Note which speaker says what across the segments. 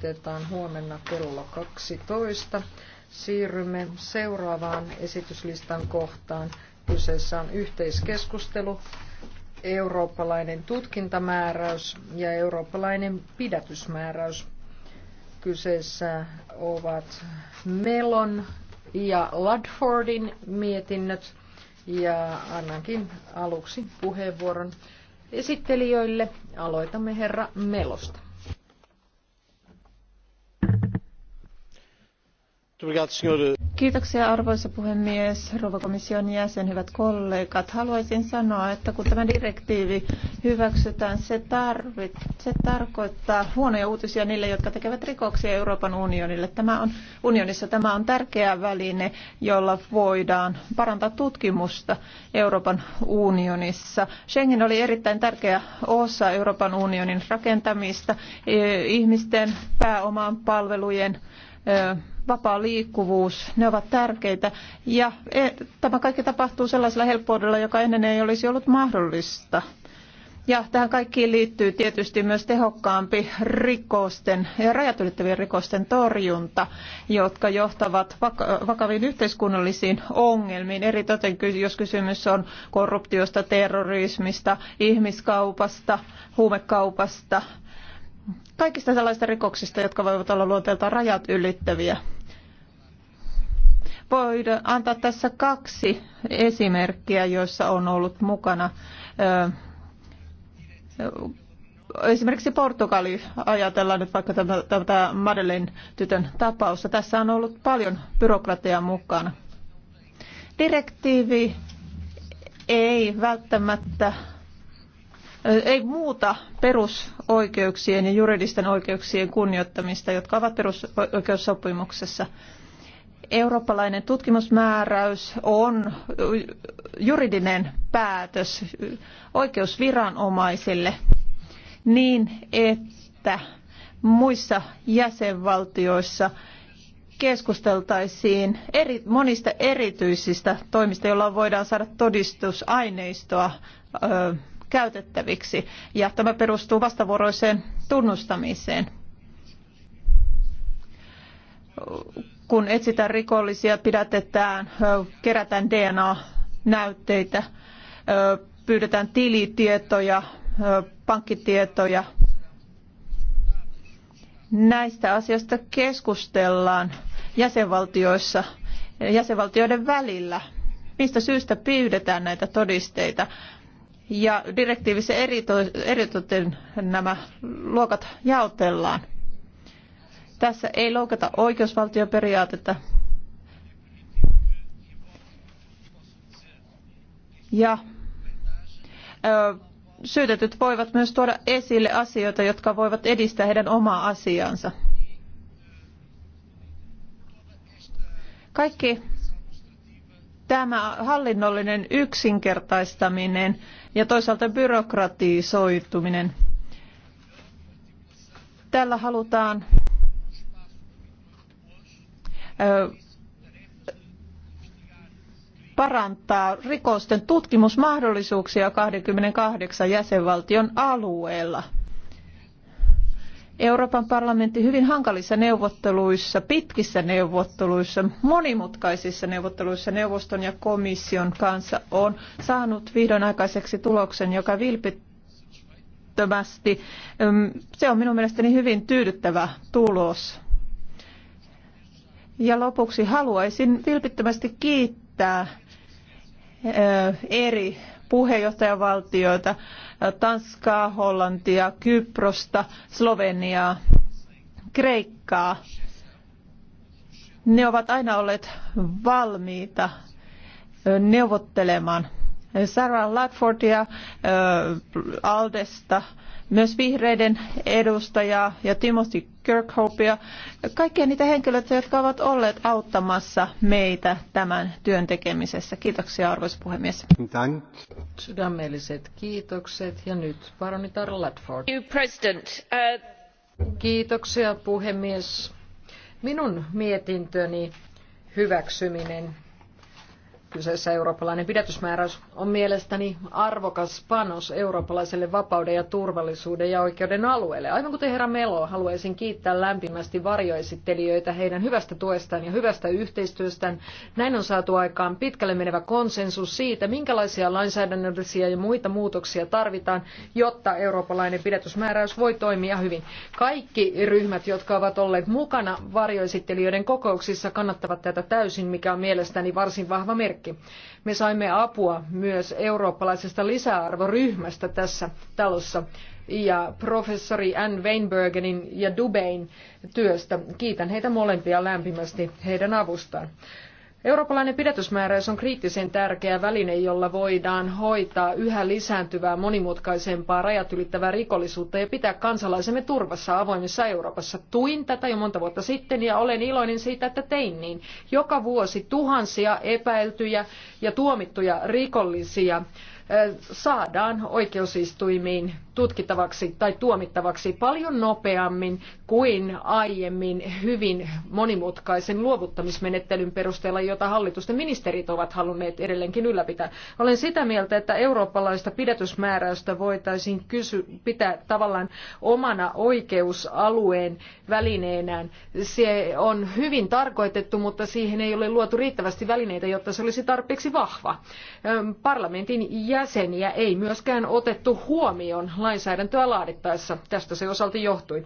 Speaker 1: toimitetaan huomenna kello 12. Siirrymme seuraavaan esityslistan kohtaan. Kyseessä on yhteiskeskustelu, eurooppalainen tutkintamääräys ja eurooppalainen pidätysmääräys. Kyseessä ovat Melon ja Ludfordin mietinnöt ja annankin aluksi puheenvuoron esittelijöille. Aloitamme herra Melosta. Kiitoksia arvoisa
Speaker 2: puhemies, rouva komission jäsen, hyvät kollegat. Haluaisin sanoa, että kun tämä direktiivi hyväksytään, se, tarvit, se tarkoittaa huonoja uutisia niille, jotka tekevät rikoksia Euroopan unionille. Tämä on, unionissa tämä on tärkeä väline, jolla voidaan parantaa tutkimusta Euroopan unionissa. Schengen oli erittäin tärkeä osa Euroopan unionin rakentamista, e, ihmisten pääoman palvelujen vapaa liikkuvuus, ne ovat tärkeitä. Ja e, tämä kaikki tapahtuu sellaisella helppoudella, joka ennen ei olisi ollut mahdollista. Ja tähän kaikkiin liittyy tietysti myös tehokkaampi rikosten ja rajat ylittävien rikosten torjunta, jotka johtavat vakaviin yhteiskunnallisiin ongelmiin. toten, jos kysymys on korruptiosta, terrorismista, ihmiskaupasta, huumekaupasta, kaikista sellaisista rikoksista, jotka voivat olla luonteeltaan rajat ylittäviä voi antaa tässä kaksi esimerkkiä, joissa on ollut mukana esimerkiksi Portugali, ajatellaan nyt vaikka tätä Madeleine tytön tapausta. Tässä on ollut paljon byrokratiaa mukana. Direktiivi ei välttämättä ei muuta perusoikeuksien ja juridisten oikeuksien kunnioittamista, jotka ovat perusoikeussopimuksessa. Eurooppalainen tutkimusmääräys on juridinen päätös oikeusviranomaisille niin, että muissa jäsenvaltioissa keskusteltaisiin eri, monista erityisistä toimista, joilla voidaan saada todistusaineistoa ö, käytettäviksi. Ja tämä perustuu vastavuoroiseen tunnustamiseen kun etsitään rikollisia, pidätetään, kerätään DNA-näytteitä, pyydetään tilitietoja, pankkitietoja. Näistä asioista keskustellaan jäsenvaltioissa, jäsenvaltioiden välillä. Mistä syystä pyydetään näitä todisteita? Ja direktiivissä eritoten nämä luokat jaotellaan. Tässä ei loukata oikeusvaltioperiaatetta. Ja ö, syytetyt voivat myös tuoda esille asioita, jotka voivat edistää heidän omaa asiaansa. Kaikki tämä hallinnollinen yksinkertaistaminen ja toisaalta byrokratisoituminen. Tällä halutaan parantaa rikosten tutkimusmahdollisuuksia 28 jäsenvaltion alueella. Euroopan parlamentti hyvin hankalissa neuvotteluissa, pitkissä neuvotteluissa, monimutkaisissa neuvotteluissa neuvoston ja komission kanssa on saanut vihdoin aikaiseksi tuloksen, joka vilpittömästi, mm, se on minun mielestäni hyvin tyydyttävä tulos. Ja lopuksi haluaisin vilpittömästi kiittää eri puheenjohtajavaltioita, Tanskaa, Hollantia, Kyprosta, Sloveniaa, Kreikkaa. Ne ovat aina olleet valmiita neuvottelemaan. Sarah Ladfordia Aldesta myös vihreiden edustajaa ja Timothy Kirkhopea, kaikkia niitä henkilöitä, jotka ovat olleet auttamassa meitä tämän työn tekemisessä. Kiitoksia arvoisa puhemies. Dank. Sydämelliset kiitokset
Speaker 1: ja nyt paronitar Ladford. President, uh, Kiitoksia puhemies. Minun mietintöni hyväksyminen kyseessä eurooppalainen pidätysmääräys on mielestäni arvokas panos eurooppalaiselle vapauden ja turvallisuuden ja oikeuden alueelle. Aivan kuten herra Melo, haluaisin kiittää lämpimästi varjoesittelijöitä heidän hyvästä tuestaan ja hyvästä yhteistyöstään. Näin on saatu aikaan pitkälle menevä konsensus siitä, minkälaisia lainsäädännöllisiä ja muita muutoksia tarvitaan, jotta eurooppalainen pidätysmääräys voi toimia hyvin. Kaikki ryhmät, jotka ovat olleet mukana varjoesittelijöiden kokouksissa, kannattavat tätä täysin, mikä on mielestäni varsin vahva merkki kaikki. Me saimme apua myös eurooppalaisesta lisäarvoryhmästä tässä talossa ja professori Anne Weinbergenin ja Dubein työstä. Kiitän heitä molempia lämpimästi heidän avustaan. Eurooppalainen pidätysmääräys on kriittisen tärkeä väline, jolla voidaan hoitaa yhä lisääntyvää monimutkaisempaa rajat ylittävää rikollisuutta ja pitää kansalaisemme turvassa avoimessa Euroopassa. Tuin tätä jo monta vuotta sitten ja olen iloinen siitä, että tein niin. Joka vuosi tuhansia epäiltyjä ja tuomittuja rikollisia eh, saadaan oikeusistuimiin tutkittavaksi tai tuomittavaksi paljon nopeammin kuin aiemmin hyvin monimutkaisen luovuttamismenettelyn perusteella, jota hallitusten ministerit ovat halunneet edelleenkin ylläpitää. Olen sitä mieltä, että eurooppalaista pidätysmääräystä voitaisiin kysy- pitää tavallaan omana oikeusalueen välineenään. Se on hyvin tarkoitettu, mutta siihen ei ole luotu riittävästi välineitä, jotta se olisi tarpeeksi vahva. Parlamentin jäseniä ei myöskään otettu huomioon lainsäädäntöä laadittaessa. Tästä se osalti johtui.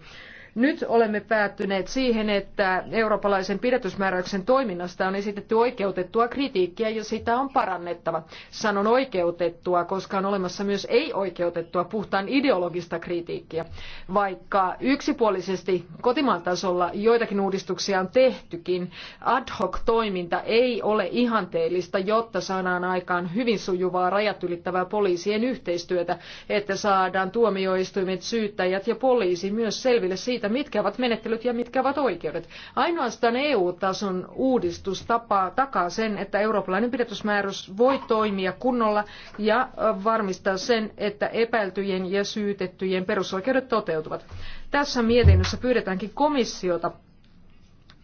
Speaker 1: Nyt olemme päättyneet siihen, että eurooppalaisen pidätysmääräyksen toiminnasta on esitetty oikeutettua kritiikkiä ja sitä on parannettava. Sanon oikeutettua, koska on olemassa myös ei-oikeutettua puhtaan ideologista kritiikkiä. Vaikka yksipuolisesti kotimaan tasolla joitakin uudistuksia on tehtykin, ad hoc toiminta ei ole ihanteellista, jotta saadaan aikaan hyvin sujuvaa rajat ylittävää poliisien yhteistyötä, että saadaan tuomioistuimet, syyttäjät ja poliisi myös selville siitä, siitä, mitkä ovat menettelyt ja mitkä ovat oikeudet. Ainoastaan EU-tason uudistus tapaa, takaa sen, että eurooppalainen pidätysmäärys voi toimia kunnolla ja varmistaa sen, että epäiltyjen ja syytettyjen perusoikeudet toteutuvat. Tässä mietinnössä pyydetäänkin komissiota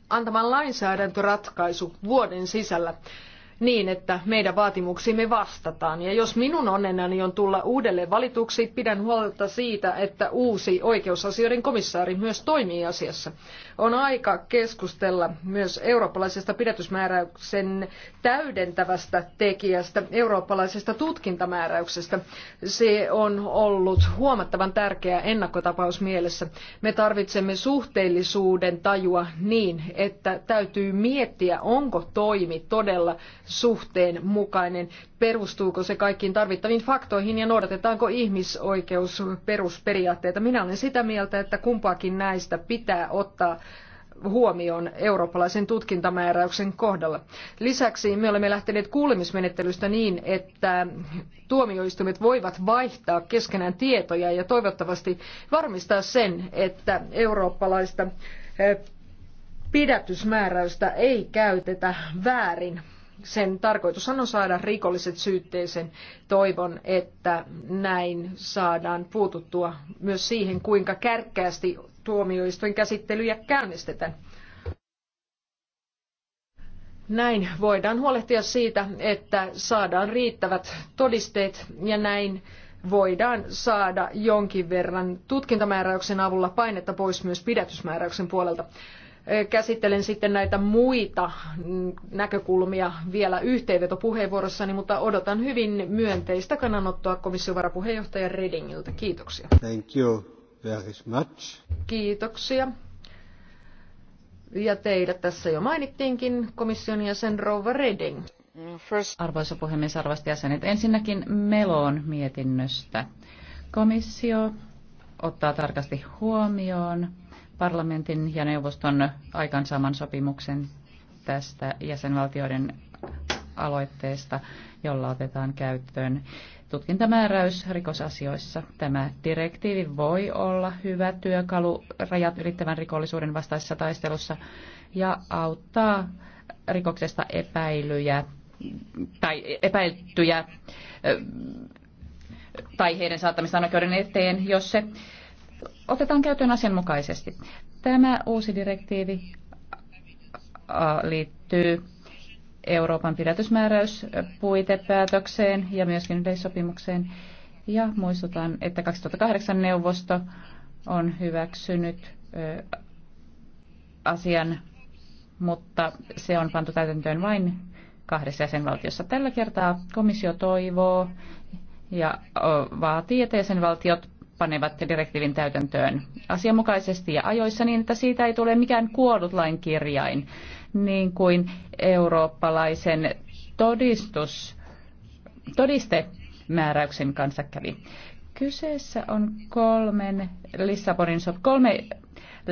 Speaker 1: antamaan lainsäädäntöratkaisu vuoden sisällä niin, että meidän vaatimuksiimme vastataan. Ja jos minun onnenani on tulla uudelleen valituksi, pidän huolta siitä, että uusi oikeusasioiden komissaari myös toimii asiassa. On aika keskustella myös eurooppalaisesta pidätysmääräyksen täydentävästä tekijästä, eurooppalaisesta tutkintamääräyksestä. Se on ollut huomattavan tärkeä ennakkotapaus mielessä. Me tarvitsemme suhteellisuuden tajua niin, että täytyy miettiä, onko toimi todella suhteen mukainen, perustuuko se kaikkiin tarvittaviin faktoihin ja noudatetaanko ihmisoikeusperusperiaatteita. Minä olen sitä mieltä, että kumpaakin näistä pitää ottaa huomioon eurooppalaisen tutkintamääräyksen kohdalla. Lisäksi me olemme lähteneet kuulemismenettelystä niin, että tuomioistuimet voivat vaihtaa keskenään tietoja ja toivottavasti varmistaa sen, että eurooppalaista eh, pidätysmääräystä ei käytetä väärin sen tarkoitushan on saada rikolliset syytteeseen. Toivon, että näin saadaan puututtua myös siihen, kuinka kärkkäästi tuomioistuin käsittelyjä käynnistetään. Näin voidaan huolehtia siitä, että saadaan riittävät todisteet ja näin voidaan saada jonkin verran tutkintamääräyksen avulla painetta pois myös pidätysmääräyksen puolelta. Käsittelen sitten näitä muita näkökulmia vielä yhteenvetopuheenvuorossani, mutta odotan hyvin myönteistä kannanottoa komission varapuheenjohtaja Redingiltä. Kiitoksia.
Speaker 3: Thank you very much.
Speaker 1: Kiitoksia. Ja teidät tässä jo mainittiinkin, komission jäsen Rova Reding.
Speaker 4: First. Arvoisa puhemies, arvoisat jäsenet, ensinnäkin Meloon mietinnöstä. Komissio ottaa tarkasti huomioon parlamentin ja neuvoston aikansaaman sopimuksen tästä jäsenvaltioiden aloitteesta, jolla otetaan käyttöön tutkintamääräys rikosasioissa. Tämä direktiivi voi olla hyvä työkalu rajat ylittävän rikollisuuden vastaisessa taistelussa ja auttaa rikoksesta epäilyjä tai epäiltyjä tai heidän saattamista oikeuden eteen, jos se otetaan käyttöön asianmukaisesti. Tämä uusi direktiivi liittyy Euroopan pidätysmääräyspuitepäätökseen ja myöskin yleissopimukseen. Ja muistutan, että 2008 neuvosto on hyväksynyt asian, mutta se on pantu täytäntöön vain kahdessa jäsenvaltiossa. Tällä kertaa komissio toivoo ja vaatii, että jäsenvaltiot panevat direktiivin täytäntöön asianmukaisesti ja ajoissa niin, että siitä ei tule mikään kuollut lain kirjain, niin kuin eurooppalaisen todistus, todistemääräyksen kanssa kävi. Kyseessä on kolmen Lissabonin, kolme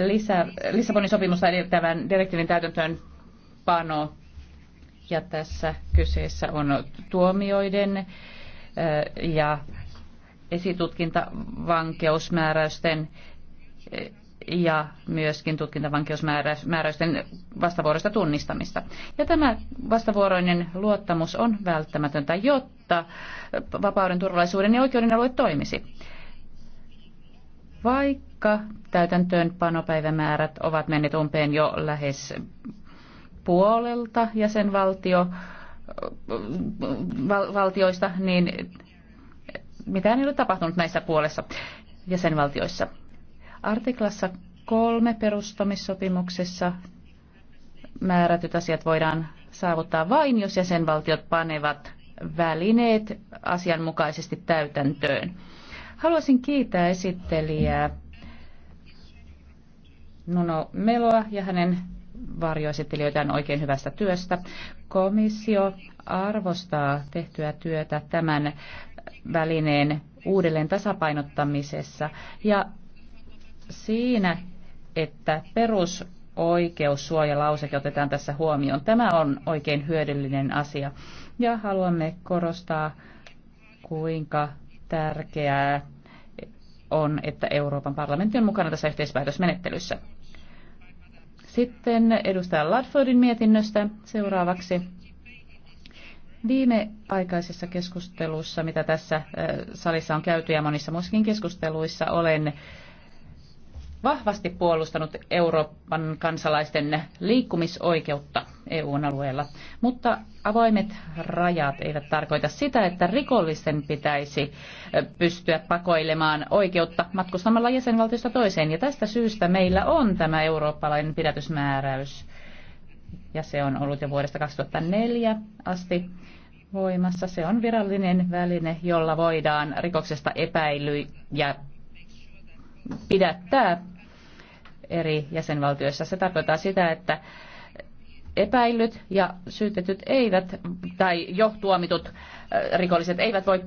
Speaker 4: lisä, Lissabonin sopimusta edeltävän direktiivin täytäntöön pano. Ja tässä kyseessä on tuomioiden äh, ja esitutkintavankeusmääräysten äh, ja myöskin tutkintavankeusmääräysten vastavuoroista tunnistamista. Ja tämä vastavuoroinen luottamus on välttämätöntä, jotta vapauden, turvallisuuden ja oikeuden alue toimisi. Vaikka täytäntöönpanopäivämäärät ovat menneet umpeen jo lähes puolelta jäsenvaltio, val, valtioista, niin mitään ei ole tapahtunut näissä puolessa jäsenvaltioissa. Artiklassa kolme perustamissopimuksessa määrätyt asiat voidaan saavuttaa vain, jos jäsenvaltiot panevat välineet asianmukaisesti täytäntöön. Haluaisin kiittää esittelijää Nuno Meloa ja hänen varjoesittelijöitään oikein hyvästä työstä. Komissio arvostaa tehtyä työtä tämän välineen uudelleen tasapainottamisessa ja siinä, että perusoikeussuojalauseke otetaan tässä huomioon. Tämä on oikein hyödyllinen asia. Ja haluamme korostaa, kuinka tärkeää on, että Euroopan parlamentti on mukana tässä yhteispäätösmenettelyssä. Sitten edustaja Ladfordin mietinnöstä seuraavaksi. viime aikaisessa keskustelussa, mitä tässä salissa on käyty ja monissa muissakin keskusteluissa, olen vahvasti puolustanut Euroopan kansalaisten liikkumisoikeutta EUn alueella. Mutta avoimet rajat eivät tarkoita sitä, että rikollisten pitäisi pystyä pakoilemaan oikeutta matkustamalla jäsenvaltiosta toiseen. Ja tästä syystä meillä on tämä eurooppalainen pidätysmääräys. Ja se on ollut jo vuodesta 2004 asti voimassa. Se on virallinen väline, jolla voidaan rikoksesta epäily ja pidättää eri jäsenvaltioissa. Se tarkoittaa sitä, että epäillyt ja syytetyt eivät, tai jo tuomitut äh, rikolliset eivät voi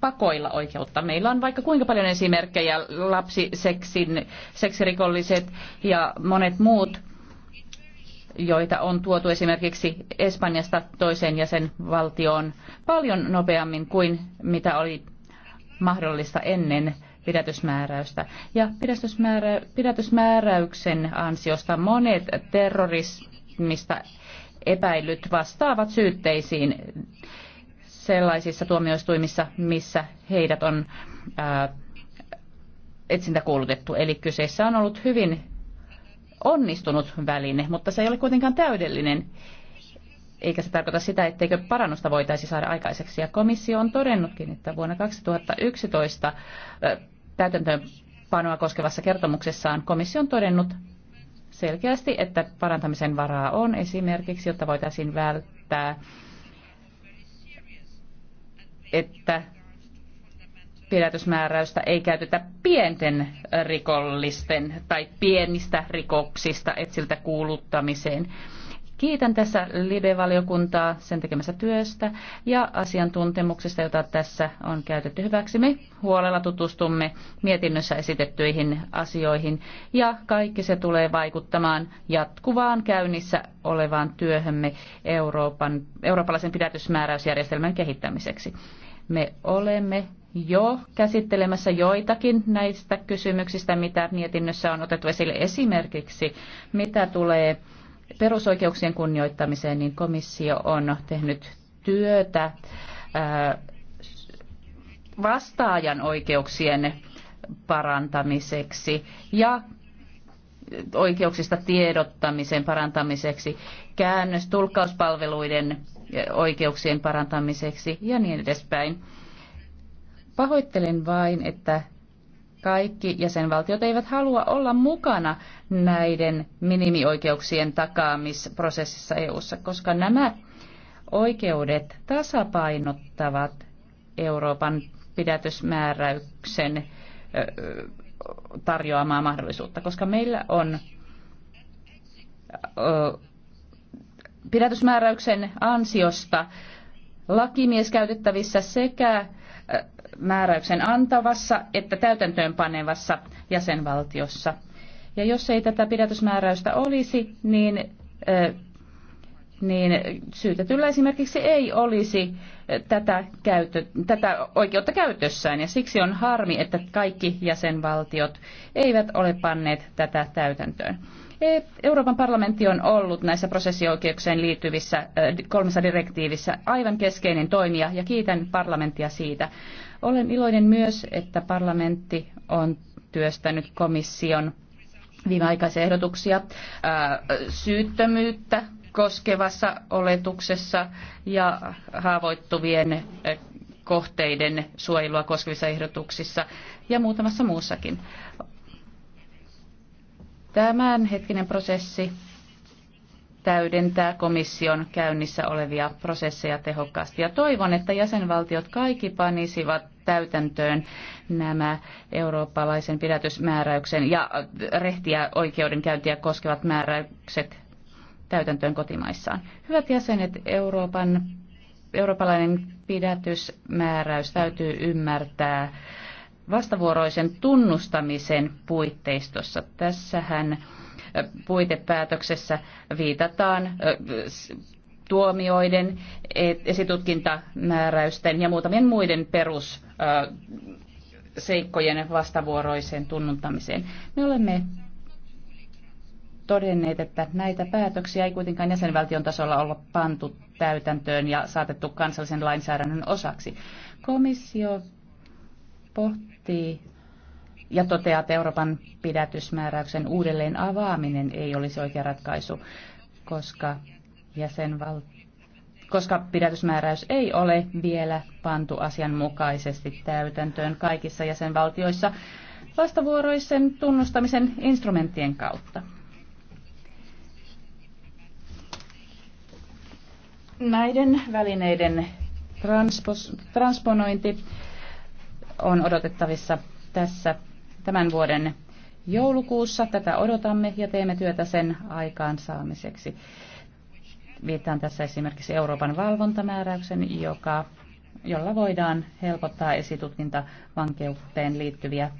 Speaker 4: pakoilla oikeutta. Meillä on vaikka kuinka paljon esimerkkejä, lapsi seksin, seksirikolliset ja monet muut, joita on tuotu esimerkiksi Espanjasta toiseen jäsenvaltioon paljon nopeammin kuin mitä oli mahdollista ennen pidätysmääräystä. Ja pidätysmäärä, pidätysmääräyksen ansiosta monet terrorismista epäilyt vastaavat syytteisiin sellaisissa tuomioistuimissa, missä heidät on ää, etsintä kuulutettu. Eli kyseessä on ollut hyvin onnistunut väline, mutta se ei ole kuitenkaan täydellinen. Eikä se tarkoita sitä, etteikö parannusta voitaisi saada aikaiseksi. Ja komissio on todennutkin, että vuonna 2011 ää, täytäntöönpanoa koskevassa kertomuksessaan komissio on todennut selkeästi, että parantamisen varaa on esimerkiksi, jotta voitaisiin välttää, että pidätysmääräystä ei käytetä pienten rikollisten tai pienistä rikoksista etsiltä kuuluttamiseen. Kiitän tässä LIBE-valiokuntaa sen tekemästä työstä ja asiantuntemuksesta, jota tässä on käytetty hyväksi. Me huolella tutustumme mietinnössä esitettyihin asioihin ja kaikki se tulee vaikuttamaan jatkuvaan käynnissä olevaan työhömme Euroopan, eurooppalaisen pidätysmääräysjärjestelmän kehittämiseksi. Me olemme jo käsittelemässä joitakin näistä kysymyksistä, mitä mietinnössä on otettu esille esimerkiksi, mitä tulee perusoikeuksien kunnioittamiseen, niin komissio on tehnyt työtä vastaajan oikeuksien parantamiseksi ja oikeuksista tiedottamisen parantamiseksi, käännös tulkkauspalveluiden oikeuksien parantamiseksi ja niin edespäin. Pahoittelen vain, että kaikki jäsenvaltiot eivät halua olla mukana näiden minimioikeuksien takaamisprosessissa EU:ssa, koska nämä oikeudet tasapainottavat Euroopan pidätysmääräyksen tarjoamaa mahdollisuutta, koska meillä on pidätysmääräyksen ansiosta lakimies käytettävissä sekä määräyksen antavassa että täytäntöönpanevassa jäsenvaltiossa. Ja jos ei tätä pidätysmääräystä olisi, niin, niin syytetyllä esimerkiksi ei olisi tätä, käytö, tätä oikeutta käytössään. Ja siksi on harmi, että kaikki jäsenvaltiot eivät ole panneet tätä täytäntöön. E, Euroopan parlamentti on ollut näissä prosessioikeuksien liittyvissä kolmessa direktiivissä aivan keskeinen toimija ja kiitän parlamenttia siitä. Olen iloinen myös, että parlamentti on työstänyt komission viimeaikaisia ehdotuksia syyttömyyttä koskevassa oletuksessa ja haavoittuvien kohteiden suojelua koskevissa ehdotuksissa ja muutamassa muussakin. Tämänhetkinen prosessi täydentää komission käynnissä olevia prosesseja tehokkaasti. Ja toivon, että jäsenvaltiot kaikki panisivat täytäntöön nämä eurooppalaisen pidätysmääräyksen ja rehtiä oikeudenkäyntiä koskevat määräykset täytäntöön kotimaissaan. Hyvät jäsenet, Euroopan, eurooppalainen pidätysmääräys täytyy ymmärtää vastavuoroisen tunnustamisen puitteistossa. Tässähän puitepäätöksessä viitataan tuomioiden, e, esitutkintamääräysten ja muutamien muiden perusseikkojen vastavuoroiseen tunnuntamiseen. Me olemme todenneet, että näitä päätöksiä ei kuitenkaan jäsenvaltion tasolla olla pantu täytäntöön ja saatettu kansallisen lainsäädännön osaksi. Komissio pohtii ja toteaa, että Euroopan pidätysmääräyksen uudelleen avaaminen ei olisi oikea ratkaisu, koska, jäsenval... koska pidätysmääräys ei ole vielä pantu asianmukaisesti täytäntöön kaikissa jäsenvaltioissa vastavuoroisen tunnustamisen instrumenttien kautta. Näiden välineiden transpos, transponointi on odotettavissa tässä tämän vuoden joulukuussa. Tätä odotamme ja teemme työtä sen aikaansaamiseksi. Viittaan tässä esimerkiksi Euroopan valvontamääräyksen, joka, jolla voidaan helpottaa vankeuteen liittyviä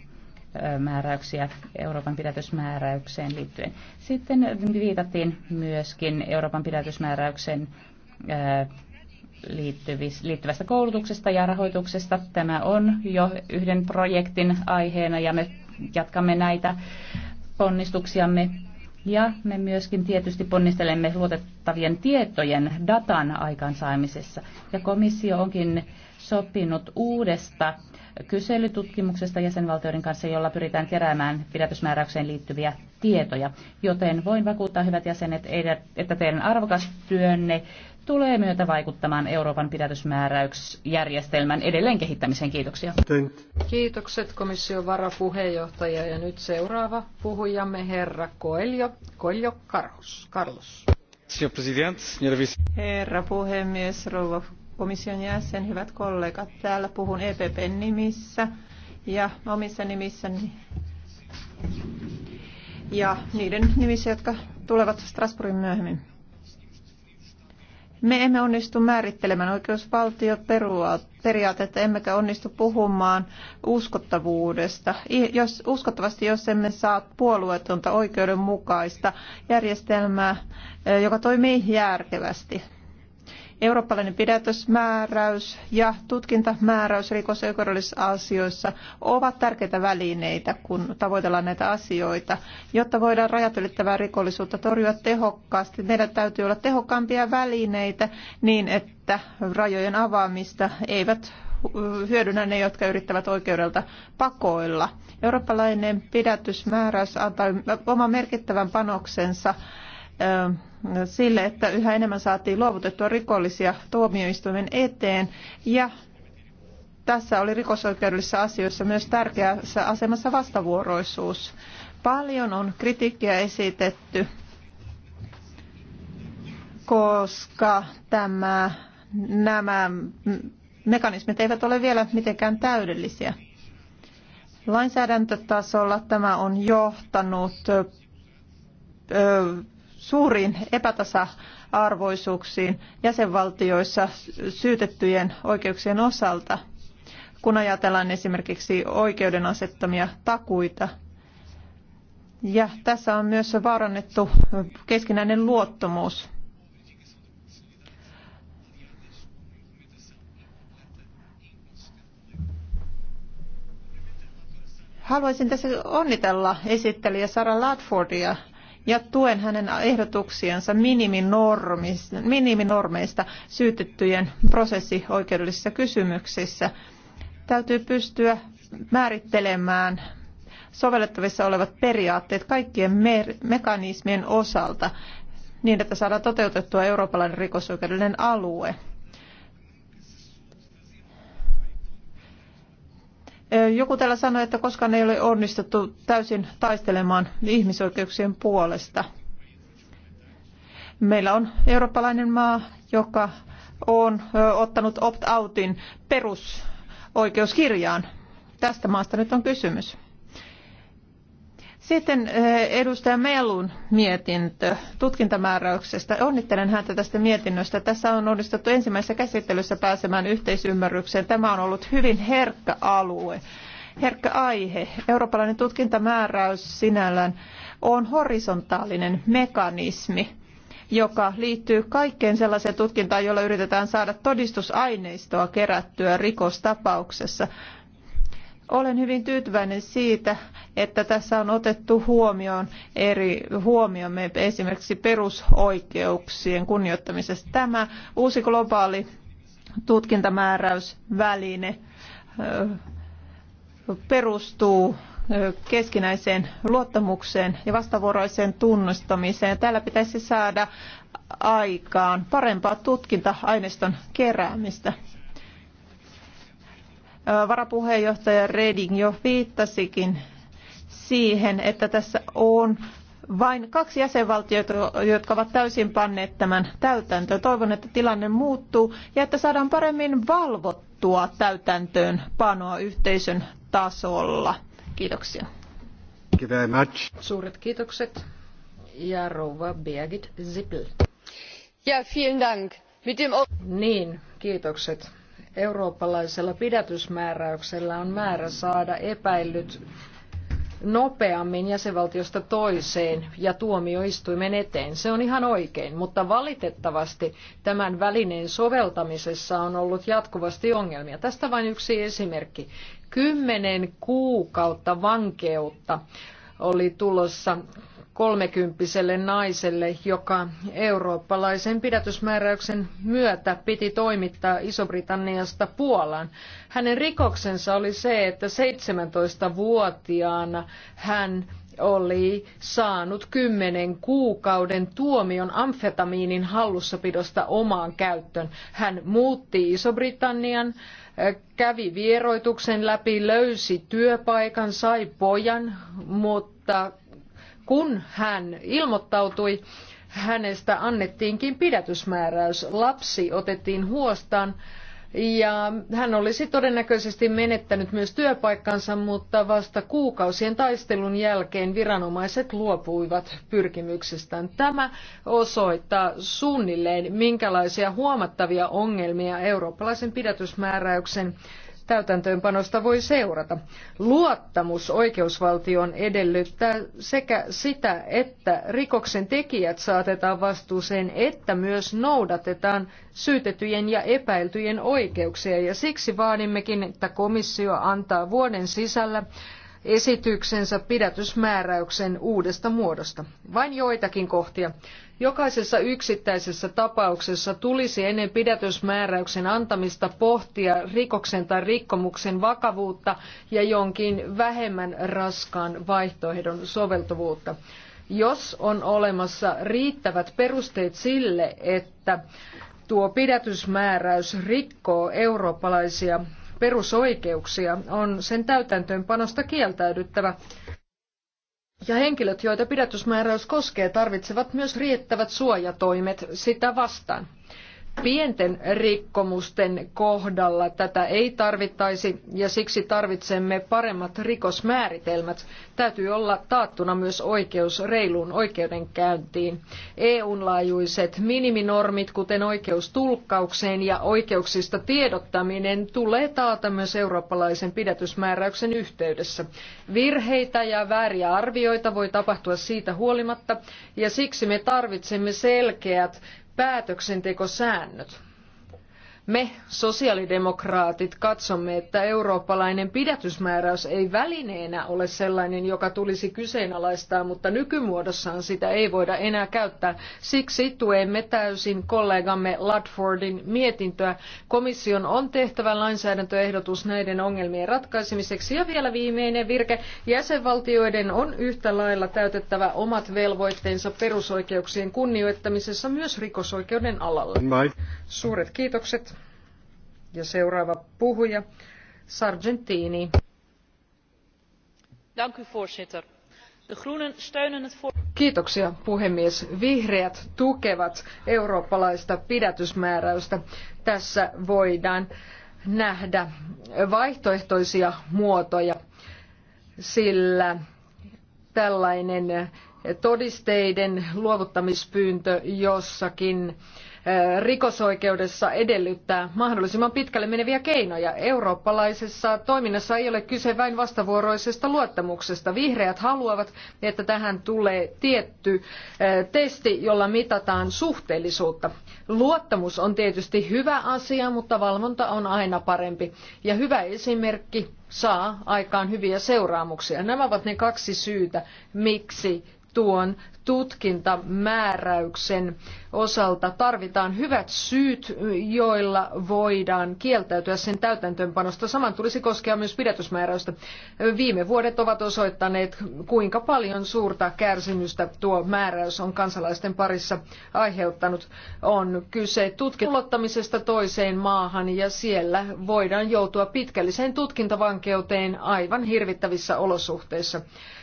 Speaker 4: määräyksiä Euroopan pidätysmääräykseen liittyen. Sitten viitattiin myöskin Euroopan pidätysmääräyksen liittyvästä koulutuksesta ja rahoituksesta. Tämä on jo yhden projektin aiheena ja me jatkamme näitä ponnistuksiamme. Ja me myöskin tietysti ponnistelemme luotettavien tietojen datan aikaansaamisessa. Ja komissio onkin sopinut uudesta kyselytutkimuksesta jäsenvaltioiden kanssa, jolla pyritään keräämään pidätysmääräykseen liittyviä tietoja. Joten voin vakuuttaa, hyvät jäsenet, että teidän arvokas työnne tulee myötä vaikuttamaan Euroopan pidätysmääräyksjärjestelmän edelleen kehittämiseen. Kiitoksia.
Speaker 1: Kiitokset komission varapuheenjohtaja ja nyt seuraava puhujamme herra Koeljo, Koeljo Carlos. Herra puhemies, rouva
Speaker 2: komission jäsen, hyvät kollegat. Täällä puhun EPPn nimissä ja omissa nimissäni ja niiden nimissä, jotka tulevat Strasbourgin myöhemmin. Me emme onnistu määrittelemään oikeusvaltioperiaatetta, emmekä onnistu puhumaan uskottavuudesta. Jos, uskottavasti, jos emme saa puolueetonta oikeudenmukaista järjestelmää, eh, joka toimii järkevästi. Eurooppalainen pidätysmääräys ja tutkintamääräys rikosoikeudellisissa asioissa ovat tärkeitä välineitä, kun tavoitellaan näitä asioita. Jotta voidaan rajat ylittävää rikollisuutta torjua tehokkaasti, meidän täytyy olla tehokkaampia välineitä niin, että rajojen avaamista eivät hyödynnä ne, jotka yrittävät oikeudelta pakoilla. Eurooppalainen pidätysmääräys antaa oman merkittävän panoksensa sille, että yhä enemmän saatiin luovutettua rikollisia tuomioistuimen eteen ja tässä oli rikosoikeudellisissa asioissa myös tärkeässä asemassa vastavuoroisuus. Paljon on kritiikkiä esitetty, koska tämä, nämä mekanismit eivät ole vielä mitenkään täydellisiä. Lainsäädäntötasolla tämä on johtanut suuriin epätasa-arvoisuuksiin jäsenvaltioissa syytettyjen oikeuksien osalta, kun ajatellaan esimerkiksi oikeuden asettamia takuita. Ja tässä on myös vaarannettu keskinäinen luottamus. Haluaisin tässä onnitella esittelijä Sara Ladfordia ja tuen hänen ehdotuksiansa miniminormeista syytettyjen prosessioikeudellisissa kysymyksissä. Täytyy pystyä määrittelemään sovellettavissa olevat periaatteet kaikkien mekanismien osalta niin, että saadaan toteutettua eurooppalainen rikosoikeudellinen alue. Joku täällä sanoi, että koskaan ei ole onnistuttu täysin taistelemaan ihmisoikeuksien puolesta. Meillä on eurooppalainen maa, joka on ottanut opt-outin perusoikeuskirjaan. Tästä maasta nyt on kysymys. Sitten edustaja Melun mietintö tutkintamääräyksestä. Onnittelen häntä tästä mietinnöstä. Tässä on onnistuttu ensimmäisessä käsittelyssä pääsemään yhteisymmärrykseen. Tämä on ollut hyvin herkkä alue, herkkä aihe. Eurooppalainen tutkintamääräys sinällään on horisontaalinen mekanismi joka liittyy kaikkeen sellaiseen tutkintaan, jolla yritetään saada todistusaineistoa kerättyä rikostapauksessa. Olen hyvin tyytyväinen siitä, että tässä on otettu huomioon eri huomiomme esimerkiksi perusoikeuksien kunnioittamisessa. Tämä uusi globaali tutkintamääräysväline perustuu keskinäiseen luottamukseen ja vastavuoroiseen tunnustamiseen. Täällä pitäisi saada aikaan parempaa tutkinta-aineiston keräämistä. Varapuheenjohtaja Reding jo viittasikin siihen, että tässä on vain kaksi jäsenvaltiota, jotka ovat täysin panneet tämän täytäntöön. Toivon, että tilanne muuttuu ja että saadaan paremmin valvottua täytäntöön panoa yhteisön tasolla.
Speaker 1: Kiitoksia. Suuret kiitokset. Ja rouva Birgit Zippel. Ja, vielen dank. Mit dem... Niin, kiitokset eurooppalaisella pidätysmääräyksellä on määrä saada epäillyt nopeammin jäsenvaltiosta toiseen ja tuomioistuimen eteen. Se on ihan oikein, mutta valitettavasti tämän välineen soveltamisessa on ollut jatkuvasti ongelmia. Tästä vain yksi esimerkki. Kymmenen kuukautta vankeutta oli tulossa kolmekymppiselle naiselle, joka eurooppalaisen pidätysmääräyksen myötä piti toimittaa Iso-Britanniasta Puolaan. Hänen rikoksensa oli se, että 17-vuotiaana hän oli saanut kymmenen kuukauden tuomion amfetamiinin hallussapidosta omaan käyttöön. Hän muutti Iso-Britannian, kävi vieroituksen läpi, löysi työpaikan, sai pojan, mutta kun hän ilmoittautui, hänestä annettiinkin pidätysmääräys. Lapsi otettiin huostaan ja hän olisi todennäköisesti menettänyt myös työpaikkansa, mutta vasta kuukausien taistelun jälkeen viranomaiset luopuivat pyrkimyksestään. Tämä osoittaa suunnilleen, minkälaisia huomattavia ongelmia eurooppalaisen pidätysmääräyksen täytäntöönpanosta voi seurata. Luottamus oikeusvaltioon edellyttää sekä sitä, että rikoksen tekijät saatetaan vastuuseen, että myös noudatetaan syytettyjen ja epäiltyjen oikeuksia. Ja siksi vaadimmekin, että komissio antaa vuoden sisällä esityksensä pidätysmääräyksen uudesta muodosta. Vain joitakin kohtia. Jokaisessa yksittäisessä tapauksessa tulisi ennen pidätysmääräyksen antamista pohtia rikoksen tai rikkomuksen vakavuutta ja jonkin vähemmän raskaan vaihtoehdon soveltuvuutta. Jos on olemassa riittävät perusteet sille, että tuo pidätysmääräys rikkoo eurooppalaisia perusoikeuksia, on sen täytäntöönpanosta kieltäydyttävä. Ja henkilöt, joita pidätysmääräys koskee, tarvitsevat myös riittävät suojatoimet sitä vastaan. Pienten rikkomusten kohdalla tätä ei tarvittaisi ja siksi tarvitsemme paremmat rikosmääritelmät. Täytyy olla taattuna myös oikeus reiluun oikeudenkäyntiin. EUn laajuiset miniminormit, kuten oikeus tulkkaukseen ja oikeuksista tiedottaminen, tulee taata myös eurooppalaisen pidätysmääräyksen yhteydessä. Virheitä ja vääriä arvioita voi tapahtua siitä huolimatta ja siksi me tarvitsemme selkeät päätöksentekosäännöt. Me sosiaalidemokraatit katsomme, että eurooppalainen pidätysmääräys ei välineenä ole sellainen, joka tulisi kyseenalaistaa, mutta nykymuodossaan sitä ei voida enää käyttää. Siksi tuemme täysin kollegamme Ludfordin mietintöä. Komission on tehtävä lainsäädäntöehdotus näiden ongelmien ratkaisemiseksi. Ja vielä viimeinen virke. Jäsenvaltioiden on yhtä lailla täytettävä omat velvoitteensa perusoikeuksien kunnioittamisessa myös rikosoikeuden alalla. Suuret kiitokset. Ja seuraava puhuja, Sargentini.
Speaker 4: Dank u, voorzitter. De groenen steunen het voor...
Speaker 1: Kiitoksia puhemies. Vihreät tukevat eurooppalaista pidätysmääräystä. Tässä voidaan nähdä vaihtoehtoisia muotoja, sillä tällainen todisteiden luovuttamispyyntö jossakin rikosoikeudessa edellyttää mahdollisimman pitkälle meneviä keinoja. Eurooppalaisessa toiminnassa ei ole kyse vain vastavuoroisesta luottamuksesta. Vihreät haluavat, että tähän tulee tietty testi, jolla mitataan suhteellisuutta. Luottamus on tietysti hyvä asia, mutta valvonta on aina parempi. Ja hyvä esimerkki saa aikaan hyviä seuraamuksia. Nämä ovat ne kaksi syytä, miksi tuon tutkintamääräyksen osalta tarvitaan hyvät syyt, joilla voidaan kieltäytyä sen täytäntöönpanosta. Saman tulisi koskea myös pidätysmääräystä. Viime vuodet ovat osoittaneet, kuinka paljon suurta kärsimystä tuo määräys on kansalaisten parissa aiheuttanut. On kyse tutkintulottamisesta toiseen maahan ja siellä voidaan joutua pitkälliseen tutkintavankeuteen aivan hirvittävissä olosuhteissa.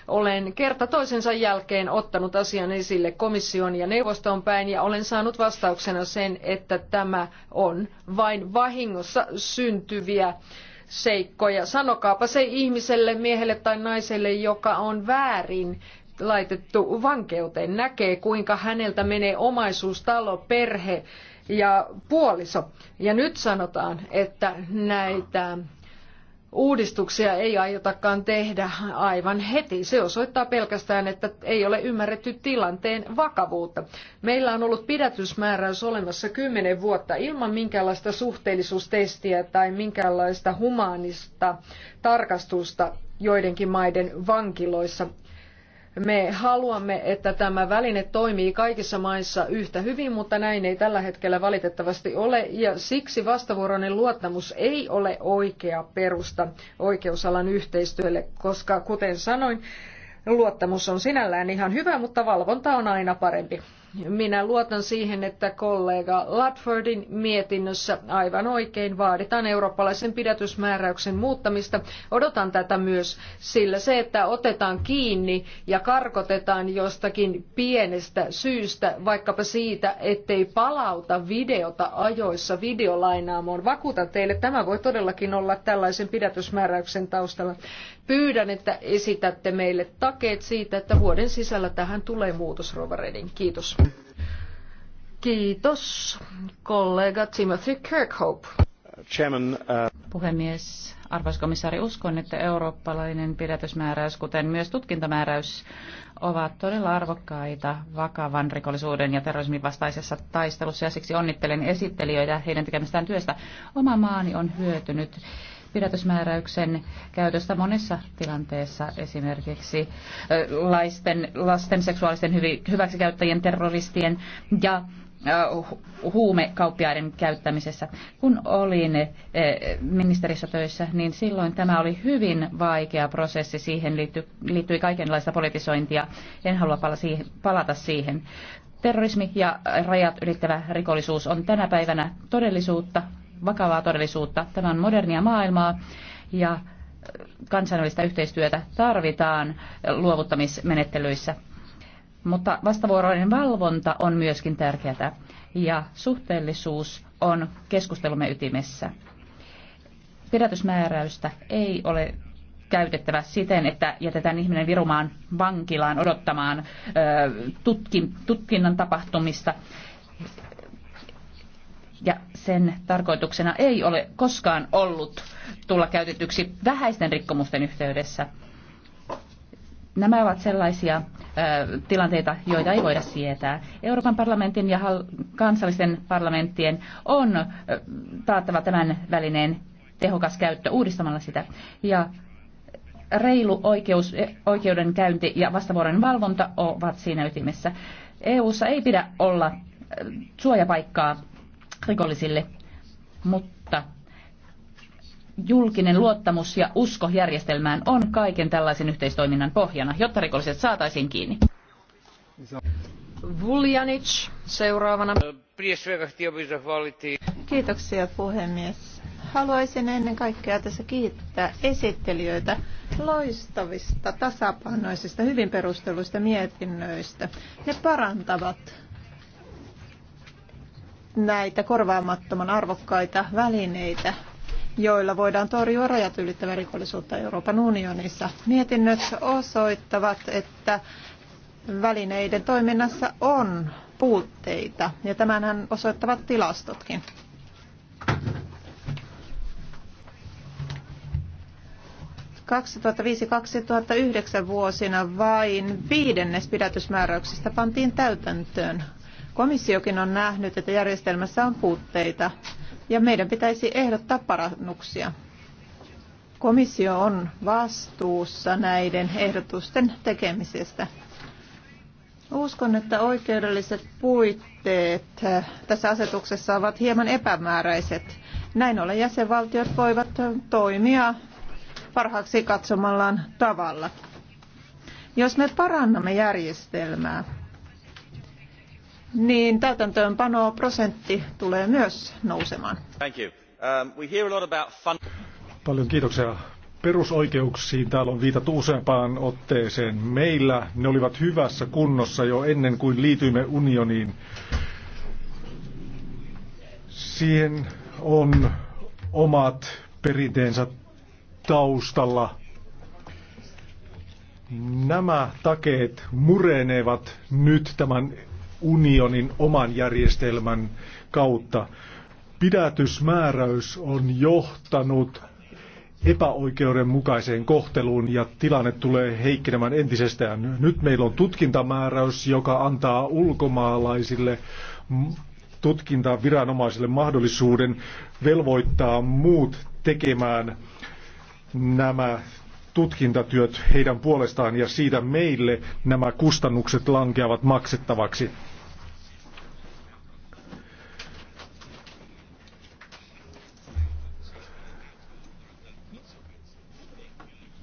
Speaker 1: Olen kerta toisensa jälkeen ottanut asian esille komission ja neuvoston päin ja olen saanut vastauksena sen, että tämä on vain vahingossa syntyviä seikkoja. Sanokaapa se ihmiselle, miehelle tai naiselle, joka on väärin laitettu vankeuteen, näkee kuinka häneltä menee omaisuus, talo, perhe ja puoliso. Ja nyt sanotaan, että näitä uudistuksia ei aiotakaan tehdä aivan heti. Se osoittaa pelkästään, että ei ole ymmärretty tilanteen vakavuutta. Meillä on ollut pidätysmääräys olemassa kymmenen vuotta ilman minkäänlaista suhteellisuustestiä tai minkäänlaista humaanista tarkastusta joidenkin maiden vankiloissa me haluamme, että tämä väline toimii kaikissa maissa yhtä hyvin, mutta näin ei tällä hetkellä valitettavasti ole ja siksi vastavuoroinen luottamus ei ole oikea perusta oikeusalan yhteistyölle, koska kuten sanoin, luottamus on sinällään ihan hyvä, mutta valvonta on aina parempi. Minä luotan siihen, että kollega Latfordin mietinnössä aivan oikein vaaditaan eurooppalaisen pidätysmääräyksen muuttamista. Odotan tätä myös, sillä se, että otetaan kiinni ja karkotetaan jostakin pienestä syystä, vaikkapa siitä, ettei palauta videota ajoissa videolainaamoon, vakuutan teille, tämä voi todellakin olla tällaisen pidätysmääräyksen taustalla. Pyydän, että esitätte meille takeet siitä, että vuoden sisällä tähän tulee muutos, Rovaredin. Kiitos. Kiitos, kollega Timothy Kirkhope. Chairman, uh...
Speaker 4: Puhemies, arvoiskomissaari, uskon, että eurooppalainen pidätysmääräys, kuten myös tutkintamääräys, ovat todella arvokkaita vakavan rikollisuuden ja terrorismin vastaisessa taistelussa, ja siksi onnittelen esittelijöitä heidän tekemästään työstä. Oma maani on hyötynyt pidätysmääräyksen käytöstä monessa tilanteessa, esimerkiksi laisten, lasten seksuaalisten hyväksikäyttäjien, terroristien ja huumekauppiaiden käyttämisessä. Kun olin ministerissä töissä, niin silloin tämä oli hyvin vaikea prosessi. Siihen liittyi, liittyi kaikenlaista politisointia. En halua palata siihen. Terrorismi ja rajat ylittävä rikollisuus on tänä päivänä todellisuutta vakavaa todellisuutta. Tämä on modernia maailmaa ja kansainvälistä yhteistyötä tarvitaan luovuttamismenettelyissä. Mutta vastavuoroinen valvonta on myöskin tärkeää ja suhteellisuus on keskustelumme ytimessä. Pidätysmääräystä ei ole käytettävä siten, että jätetään ihminen virumaan vankilaan odottamaan tutkinnan tapahtumista. Ja sen tarkoituksena ei ole koskaan ollut tulla käytetyksi vähäisten rikkomusten yhteydessä. Nämä ovat sellaisia tilanteita, joita ei voida sietää. Euroopan parlamentin ja kansallisten parlamenttien on taattava tämän välineen tehokas käyttö uudistamalla sitä. Ja reilu oikeus, e, oikeudenkäynti ja vastavuoren valvonta ovat siinä ytimessä. EU:ssa ei pidä olla suojapaikkaa rikollisille, mutta julkinen luottamus ja usko järjestelmään on kaiken tällaisen yhteistoiminnan pohjana, jotta rikolliset saataisiin kiinni.
Speaker 1: Vuljanic seuraavana.
Speaker 2: Kiitoksia puhemies. Haluaisin ennen kaikkea tässä kiittää esittelijöitä loistavista, tasapainoisista, hyvin perustelluista mietinnöistä. Ne parantavat näitä korvaamattoman arvokkaita välineitä, joilla voidaan torjua rajat ylittävää rikollisuutta Euroopan unionissa. Mietinnöt osoittavat, että välineiden toiminnassa on puutteita, ja tämänhän osoittavat tilastotkin. yhdeksän vuosina vain viidennes pidätysmääräyksistä pantiin täytäntöön. Komissiokin on nähnyt, että järjestelmässä on puutteita ja meidän pitäisi ehdottaa parannuksia. Komissio on vastuussa näiden ehdotusten tekemisestä. Uskon, että oikeudelliset puitteet eh, tässä asetuksessa ovat hieman epämääräiset. Näin ollen jäsenvaltiot voivat toimia parhaaksi katsomallaan tavalla. Jos me parannamme järjestelmää, niin täytäntöönpanoprosentti prosentti tulee myös nousemaan. Thank you.
Speaker 5: Um,
Speaker 6: Paljon kiitoksia perusoikeuksiin täällä on viitattu useampaan otteeseen. Meillä ne olivat hyvässä kunnossa jo ennen kuin liityimme unioniin. Siihen on omat perinteensä taustalla. Nämä takeet murenevat nyt tämän unionin oman järjestelmän kautta. Pidätysmääräys on johtanut epäoikeudenmukaiseen kohteluun ja tilanne tulee heikkenemään entisestään. Nyt meillä on tutkintamääräys, joka antaa ulkomaalaisille tutkintaviranomaisille mahdollisuuden velvoittaa muut tekemään nämä tutkintatyöt heidän puolestaan ja siitä meille nämä kustannukset lankeavat maksettavaksi.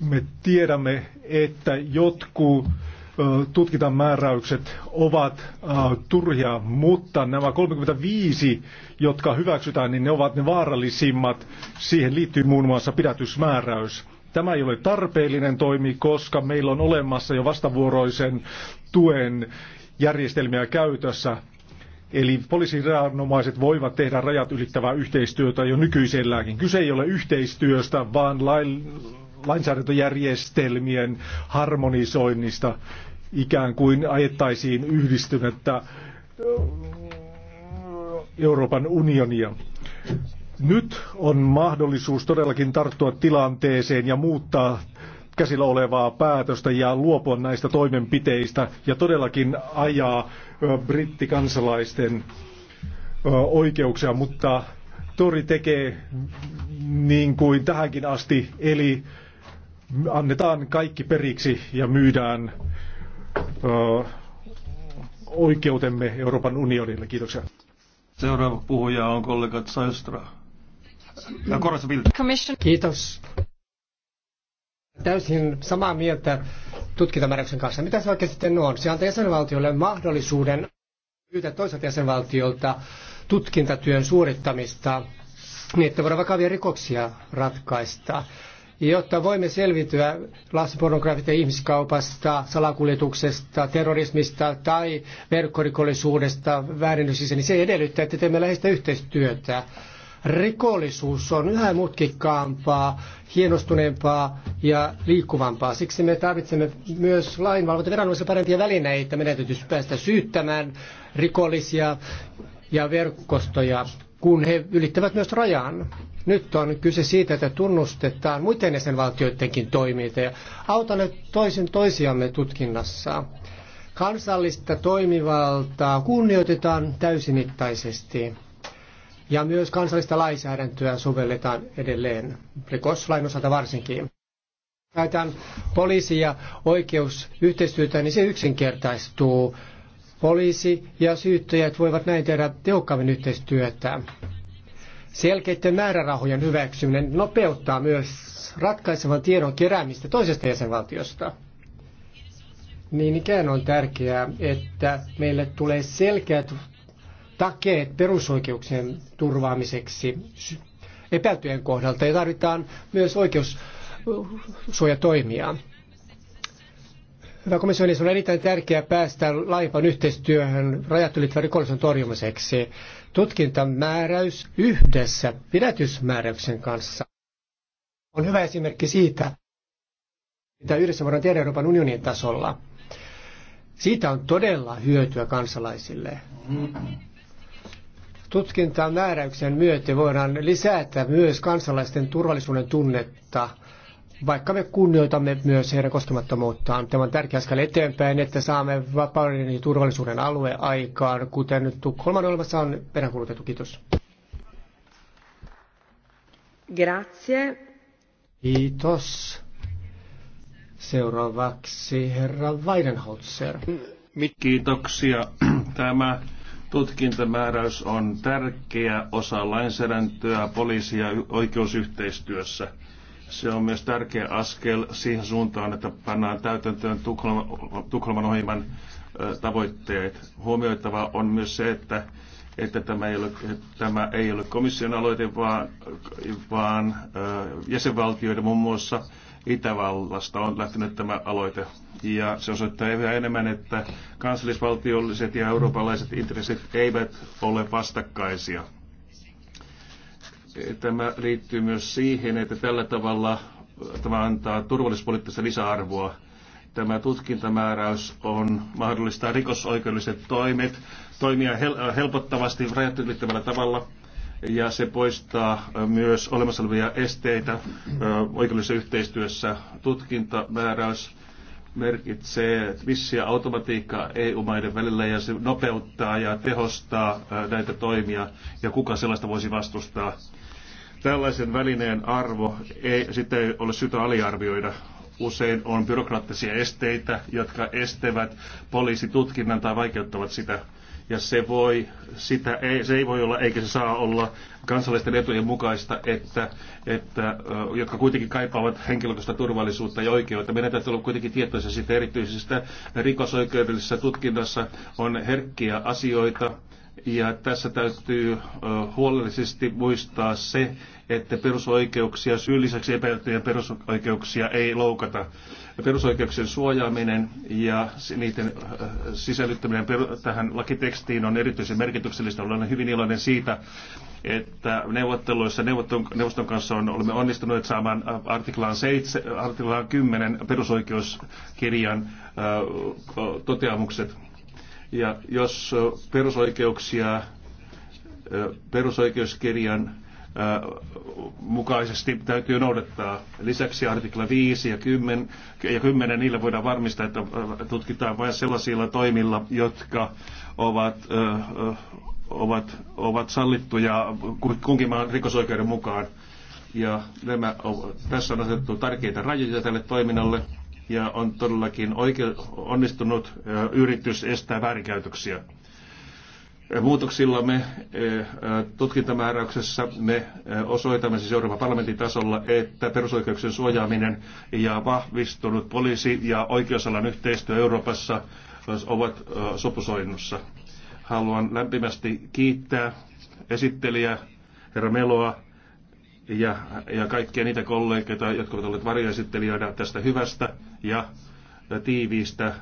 Speaker 6: me tiedämme, että jotkut määräykset ovat turhia, mutta nämä 35, jotka hyväksytään, niin ne ovat ne vaarallisimmat. Siihen liittyy muun muassa pidätysmääräys. Tämä ei ole tarpeellinen toimi, koska meillä on olemassa jo vastavuoroisen tuen järjestelmiä käytössä. Eli poliisiranomaiset voivat tehdä rajat ylittävää yhteistyötä jo nykyiselläänkin. Kyse ei ole yhteistyöstä, vaan lain, lainsäädäntöjärjestelmien harmonisoinnista ikään kuin ajettaisiin yhdistymättä Euroopan unionia. Nyt on mahdollisuus todellakin tarttua tilanteeseen ja muuttaa käsillä olevaa päätöstä ja luopua näistä toimenpiteistä ja todellakin ajaa brittikansalaisten oikeuksia, mutta Tori tekee niin kuin tähänkin asti, eli annetaan kaikki periksi ja myydään oikeutemme Euroopan unionille. Kiitoksia. Seuraava puhuja on kollega Zaistra.
Speaker 3: Kiitos. Täysin samaa mieltä tutkintamääräyksen kanssa. Mitä se oikein sitten on? Se antaa jäsenvaltiolle mahdollisuuden pyytää toiselta jäsenvaltiolta tutkintatyön suorittamista, niin että voidaan vakavia rikoksia ratkaista. Jotta voimme selvityä lastenpornografista ihmiskaupasta, salakuljetuksesta, terrorismista tai verkkorikollisuudesta, väärinnyksissä, niin se edellyttää, että teemme läheistä yhteistyötä rikollisuus on yhä mutkikkaampaa, hienostuneempaa ja liikkuvampaa. Siksi me tarvitsemme myös lainvalvontaviranomaisille parempia välineitä. Meidän täytyisi päästä syyttämään rikollisia ja verkostoja, kun he ylittävät myös rajan. Nyt on kyse siitä, että tunnustetaan muiden jäsenvaltioidenkin toiminta ja autamme toisin toisiamme tutkinnassa. Kansallista toimivaltaa kunnioitetaan täysimittaisesti. Ja myös kansallista lainsäädäntöä sovelletaan edelleen, rikoslain osalta varsinkin. Käytän poliisi- ja oikeusyhteistyötä, niin se yksinkertaistuu. Poliisi ja syyttäjät voivat näin tehdä tehokkaammin yhteistyötä. Selkeiden määrärahojen hyväksyminen nopeuttaa myös ratkaisevan tiedon keräämistä toisesta jäsenvaltiosta. Niin ikään on tärkeää, että meille tulee selkeät takeet perusoikeuksien turvaamiseksi epäiltyjen kohdalta ja tarvitaan myös oikeussuojatoimia. Hyvä komission on erittäin tärkeää päästä laipan yhteistyöhön rajat ylittävän rikollisuuden torjumiseksi. Tutkintamääräys yhdessä pidätysmääräyksen kanssa on hyvä esimerkki siitä, mitä yhdessä voidaan tehdä Euroopan unionin tasolla. Siitä on todella hyötyä kansalaisille tutkintaan määräyksen myötä voidaan lisätä myös kansalaisten turvallisuuden tunnetta, vaikka me kunnioitamme myös heidän koskemattomuuttaan. Tämä on tärkeä askel eteenpäin, että saamme vapauden ja turvallisuuden alue aikaan, kuten nyt Tukholman olemassa on peräänkuulutettu. Kiitos.
Speaker 1: Grazie.
Speaker 3: Kiitos. Seuraavaksi herra Weidenholzer. Kiitoksia. Tämä
Speaker 5: Tutkintamääräys on tärkeä osa lainsäädäntöä poliisi- ja oikeusyhteistyössä. Se on myös tärkeä askel siihen suuntaan, että pannaan täytäntöön Tukholman, Tukholman ohjelman tavoitteet. Huomioitava on myös se, että, että tämä, ei ole, tämä ei ole komission aloite, vaan, vaan jäsenvaltioiden muun muassa Itävallasta on lähtenyt tämä aloite. Ja se osoittaa yhä enemmän, että kansallisvaltiolliset ja eurooppalaiset intressit eivät ole vastakkaisia. Tämä liittyy myös siihen, että tällä tavalla tämä antaa turvallispoliittista lisäarvoa. Tämä tutkintamääräys on mahdollistaa rikosoikeudelliset toimet, toimia helpottavasti rajat ylittävällä tavalla – ja se poistaa myös olemassa olevia esteitä oikeudellisessa yhteistyössä. Tutkintamääräys merkitsee vissiä automatiikkaa EU-maiden välillä ja se nopeuttaa ja tehostaa näitä toimia ja kuka sellaista voisi vastustaa. Tällaisen välineen arvo, ei, sitä ei ole syytä aliarvioida usein on byrokraattisia esteitä, jotka estävät poliisitutkinnan tai vaikeuttavat sitä ja se, voi, sitä ei, se ei voi olla eikä se saa olla kansallisten etujen mukaista, että, että, jotka kuitenkin kaipaavat henkilökohtaista turvallisuutta ja oikeutta. Meidän täytyy olla kuitenkin tietoisia siitä erityisestä rikosoikeudellisessa tutkinnassa on herkkiä asioita, ja tässä täytyy huolellisesti muistaa se, että perusoikeuksia, lisäksi epäiltyjen perusoikeuksia ei loukata. Perusoikeuksien suojaaminen ja niiden sisällyttäminen tähän lakitekstiin on erityisen merkityksellistä. Olen hyvin iloinen siitä, että neuvotteluissa neuvoston kanssa on, olemme onnistuneet saamaan artiklaan, 7, artiklaan 10 perusoikeuskirjan toteamukset ja jos perusoikeuksia, perusoikeuskirjan mukaisesti täytyy noudattaa. Lisäksi artikla 5 ja 10, ja 10 niillä voidaan varmistaa, että tutkitaan vain sellaisilla toimilla, jotka ovat, ovat, ovat sallittuja kunkin maan rikosoikeuden mukaan. Ja nämä, tässä on asetettu tärkeitä rajoja tälle toiminnalle ja on todellakin oike- onnistunut yritys estää väärinkäytöksiä. Muutoksilla me tutkintamääräyksessä me osoitamme siis Euroopan parlamentin tasolla, että perusoikeuksien suojaaminen ja vahvistunut poliisi- ja oikeusalan yhteistyö Euroopassa ovat sopusoinnussa. Haluan lämpimästi kiittää esittelijä herra Meloa ja, ja kaikkia niitä kollegoita, jotka ovat olleet varjoesittelijöinä tästä hyvästä ja tiiviistä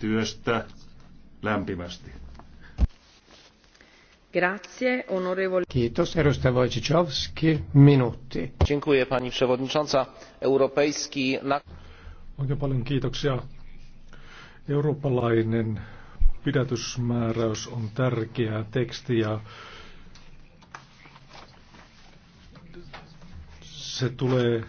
Speaker 5: työstä lämpimästi.
Speaker 1: Grazie, onorevole.
Speaker 3: Kiitos, edustaja Wojciechowski. Minuutti. Dziękuję, pani przewodnicząca. Europejski...
Speaker 6: Oikein paljon kiitoksia. Eurooppalainen pidätysmääräys on tärkeä teksti ja se tulee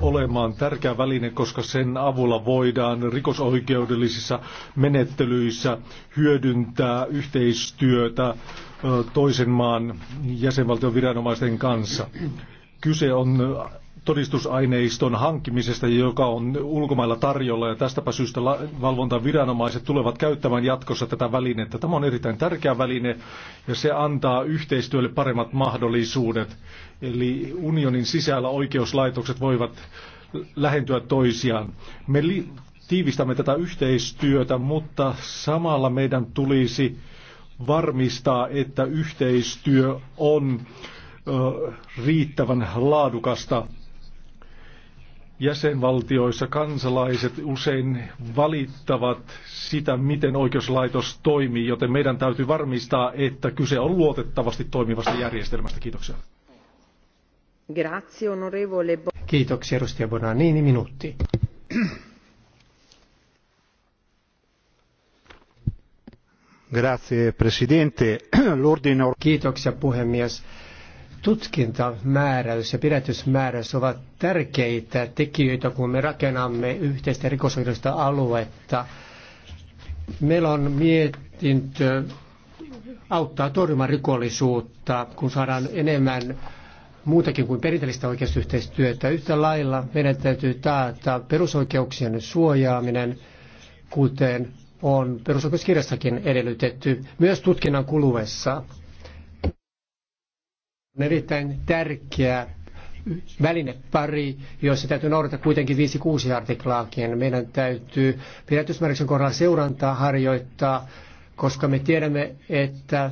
Speaker 6: olemaan tärkeä väline, koska sen avulla voidaan rikosoikeudellisissa menettelyissä hyödyntää yhteistyötä toisen maan jäsenvaltion viranomaisten kanssa. Kyse on todistusaineiston hankkimisesta, joka on ulkomailla tarjolla ja tästäpä syystä valvontaviranomaiset tulevat käyttämään jatkossa tätä välinettä. Tämä on erittäin tärkeä väline ja se antaa yhteistyölle paremmat mahdollisuudet. Eli unionin sisällä oikeuslaitokset voivat lähentyä toisiaan. Me tiivistämme tätä yhteistyötä, mutta samalla meidän tulisi varmistaa, että yhteistyö on riittävän laadukasta jäsenvaltioissa kansalaiset usein valittavat sitä, miten oikeuslaitos toimii, joten meidän täytyy varmistaa, että kyse on luotettavasti toimivasta järjestelmästä. Kiitoksia.
Speaker 2: Grazie, onorevole.
Speaker 3: Kiitoksia, edustaja Bonanini, minuutti. Grazie, presidente. Kiitoksia, puhemies tutkintamääräys ja pidätysmääräys ovat tärkeitä tekijöitä, kun me rakennamme yhteistä rikosoikeudellista aluetta. Meillä on mietintö auttaa torjumaan rikollisuutta, kun saadaan enemmän muutakin kuin perinteistä oikeusyhteistyötä. Yhtä lailla meidän täytyy taata perusoikeuksien suojaaminen, kuten on perusoikeuskirjassakin edellytetty, myös tutkinnan kuluessa on erittäin tärkeä välinepari, joissa täytyy noudata kuitenkin 5-6 artiklaakin. Meidän täytyy pidätysmääräyksen kohdalla seurantaa harjoittaa, koska me tiedämme, että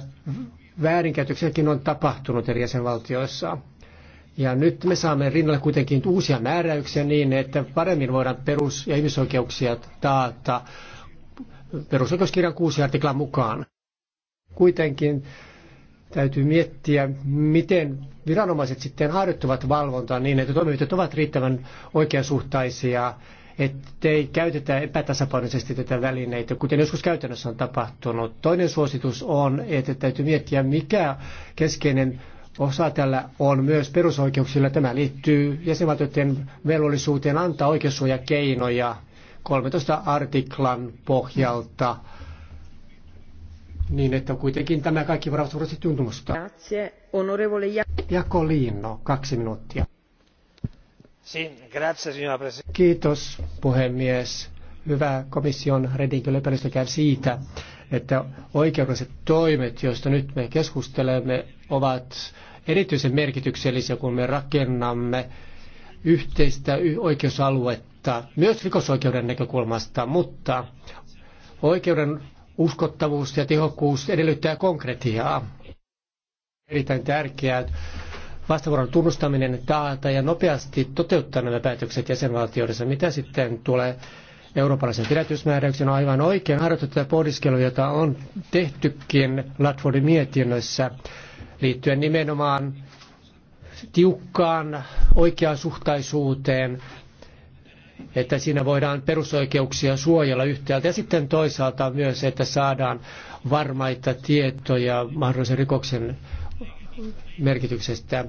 Speaker 3: väärinkäytöksiäkin on tapahtunut eri jäsenvaltioissa. Ja nyt me saamme rinnalle kuitenkin uusia määräyksiä niin, että paremmin voidaan perus- ja ihmisoikeuksia taata perusoikeuskirjan 6 artiklan mukaan. Kuitenkin Täytyy miettiä, miten viranomaiset sitten harjoittavat valvontaa niin, että toimenpiteet ovat riittävän oikeasuhtaisia, ettei käytetä epätasapainoisesti tätä välineitä, kuten joskus käytännössä on tapahtunut. Toinen suositus on, että täytyy miettiä, mikä keskeinen osa tällä on myös perusoikeuksilla. Tämä liittyy jäsenvaltioiden velvollisuuteen antaa oikeussuojakeinoja 13 artiklan pohjalta niin, että kuitenkin tämä kaikki varat suuresti tuntumusta.
Speaker 2: Grazie, onorevole
Speaker 3: kaksi minuuttia. Kiitos, puhemies. Hyvä komission Redinkö käy siitä, että oikeudelliset toimet, joista nyt me keskustelemme, ovat erityisen merkityksellisiä, kun me rakennamme yhteistä oikeusaluetta, myös rikosoikeuden näkökulmasta, mutta oikeuden uskottavuus ja tehokkuus edellyttää konkretiaa. Erittäin tärkeää vastavuoron tunnustaminen taata ja nopeasti toteuttaa nämä päätökset jäsenvaltioissa. Mitä sitten tulee eurooppalaisen pidätysmääräyksen on aivan oikein harjoitettu tätä pohdiskelu, jota on tehtykin Latfordin mietinnössä liittyen nimenomaan tiukkaan oikeasuhtaisuuteen että siinä voidaan perusoikeuksia suojella yhtäältä ja sitten toisaalta myös, että saadaan varmaita tietoja mahdollisen rikoksen merkityksestä.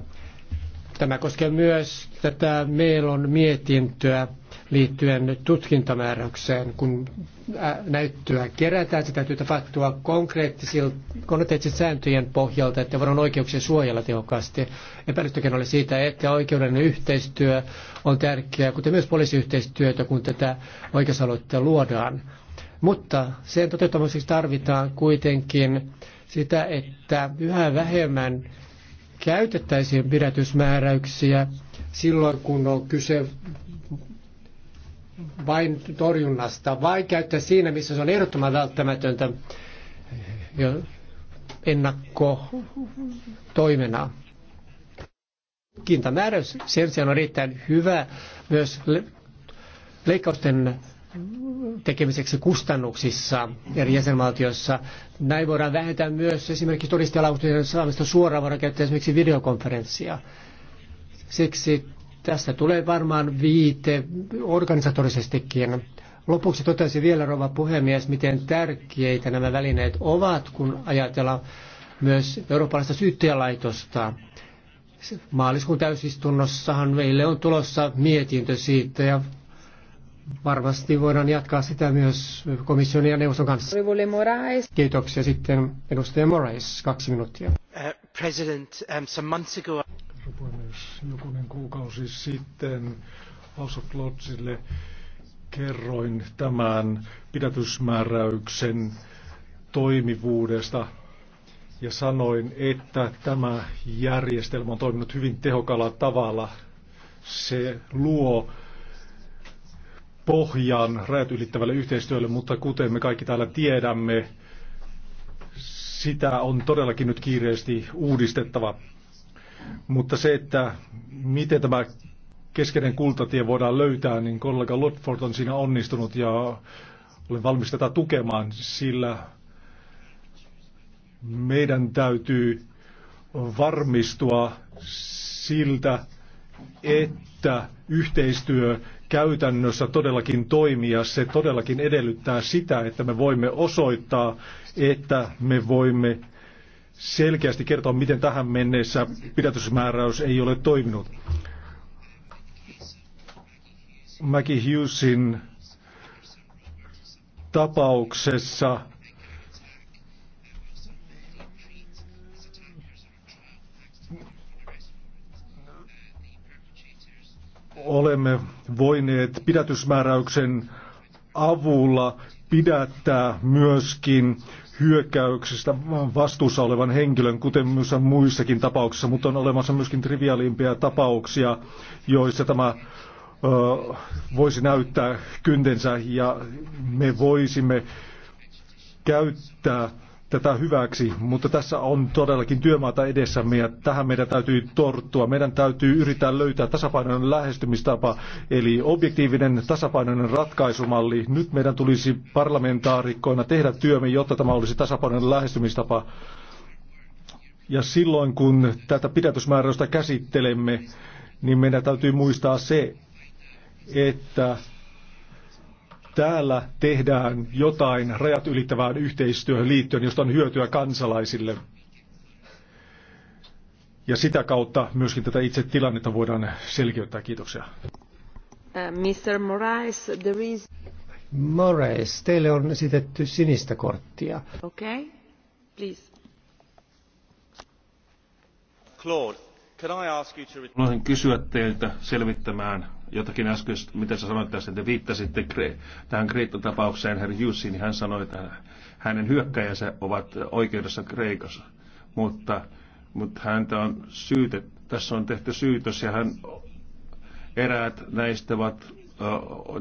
Speaker 3: Tämä koskee myös tätä Meilon mietintöä liittyen tutkintamääräykseen. Kun näyttöä kerätään, se täytyy tapahtua konkreettisten sääntöjen pohjalta, että voidaan oikeuksia suojella tehokkaasti. Epäilystäkin oli siitä, että oikeudellinen yhteistyö on tärkeää, kuten myös poliisiyhteistyötä, kun tätä oikeusaloitetta luodaan. Mutta sen toteuttamiseksi tarvitaan kuitenkin sitä, että yhä vähemmän käytettäisiin pidätysmääräyksiä silloin, kun on kyse vain torjunnasta, vai käyttää siinä, missä se on ehdottoman välttämätöntä ennakkotoimena. Kintamääräys sen sijaan on erittäin hyvä myös leikkausten tekemiseksi kustannuksissa eri jäsenvaltioissa. Näin voidaan vähentää myös esimerkiksi todistajalausuntojen saamista suoraan, voidaan käyttää esimerkiksi videokonferenssia. Siksi Tästä tulee varmaan viite organisatorisestikin. Lopuksi totesi vielä rouva puhemies, miten tärkeitä nämä välineet ovat, kun ajatellaan myös eurooppalaista syyttäjälaitosta. Maaliskuun täysistunnossahan meille on tulossa mietintö siitä ja varmasti voidaan jatkaa sitä myös komission ja neuvoston kanssa. Kiitoksia sitten edustaja Moraes, kaksi minuuttia. Uh, puhemies,
Speaker 6: jokunen kuukausi sitten House of Lordsille kerroin tämän pidätysmääräyksen toimivuudesta ja sanoin, että tämä järjestelmä on toiminut hyvin tehokalla tavalla. Se luo pohjan rajat ylittävälle yhteistyölle, mutta kuten me kaikki täällä tiedämme, sitä on todellakin nyt kiireesti uudistettava. Mutta se, että miten tämä keskeinen kultatie voidaan löytää, niin kollega Lotford on siinä onnistunut ja olen valmis tätä tukemaan, sillä meidän täytyy varmistua siltä, että yhteistyö käytännössä todellakin toimii ja Se todellakin edellyttää sitä, että me voimme osoittaa, että me voimme selkeästi kertoa, miten tähän mennessä pidätysmääräys ei ole toiminut. Mäki Hughesin tapauksessa olemme voineet pidätysmääräyksen avulla pidättää myöskin hyökkäyksistä vastuussa olevan henkilön, kuten myös muissakin tapauksissa, mutta on olemassa myöskin triviaalimpia tapauksia, joissa tämä ö, voisi näyttää kyntensä ja me voisimme käyttää tätä hyväksi, mutta tässä on todellakin työmaata edessämme ja tähän meidän täytyy torttua. Meidän täytyy yrittää löytää tasapainoinen lähestymistapa, eli objektiivinen tasapainoinen ratkaisumalli. Nyt meidän tulisi parlamentaarikkoina tehdä työmme, jotta tämä olisi tasapainoinen lähestymistapa. Ja silloin kun tätä pidätysmääräystä käsittelemme, niin meidän täytyy muistaa se, että Täällä tehdään jotain rajat ylittävään yhteistyöhön liittyen, josta on hyötyä kansalaisille. Ja sitä kautta myöskin tätä itse tilannetta
Speaker 3: voidaan selkeyttää. Kiitoksia. Uh,
Speaker 2: Mr. Moraes, there is...
Speaker 3: Moraes, teille on esitetty sinistä korttia.
Speaker 2: Okay,
Speaker 5: please. Claude, can I ask you to... Haluaisin kysyä teiltä selvittämään jotakin äsken, mitä sä sanoit tässä, että viittasitte tähän Kreikka-tapaukseen, herra Jussi, niin hän sanoi, että hänen hyökkäjänsä ovat oikeudessa Kreikassa, mutta, mutta häntä on syytet, tässä on tehty syytös ja hän eräät näistä ovat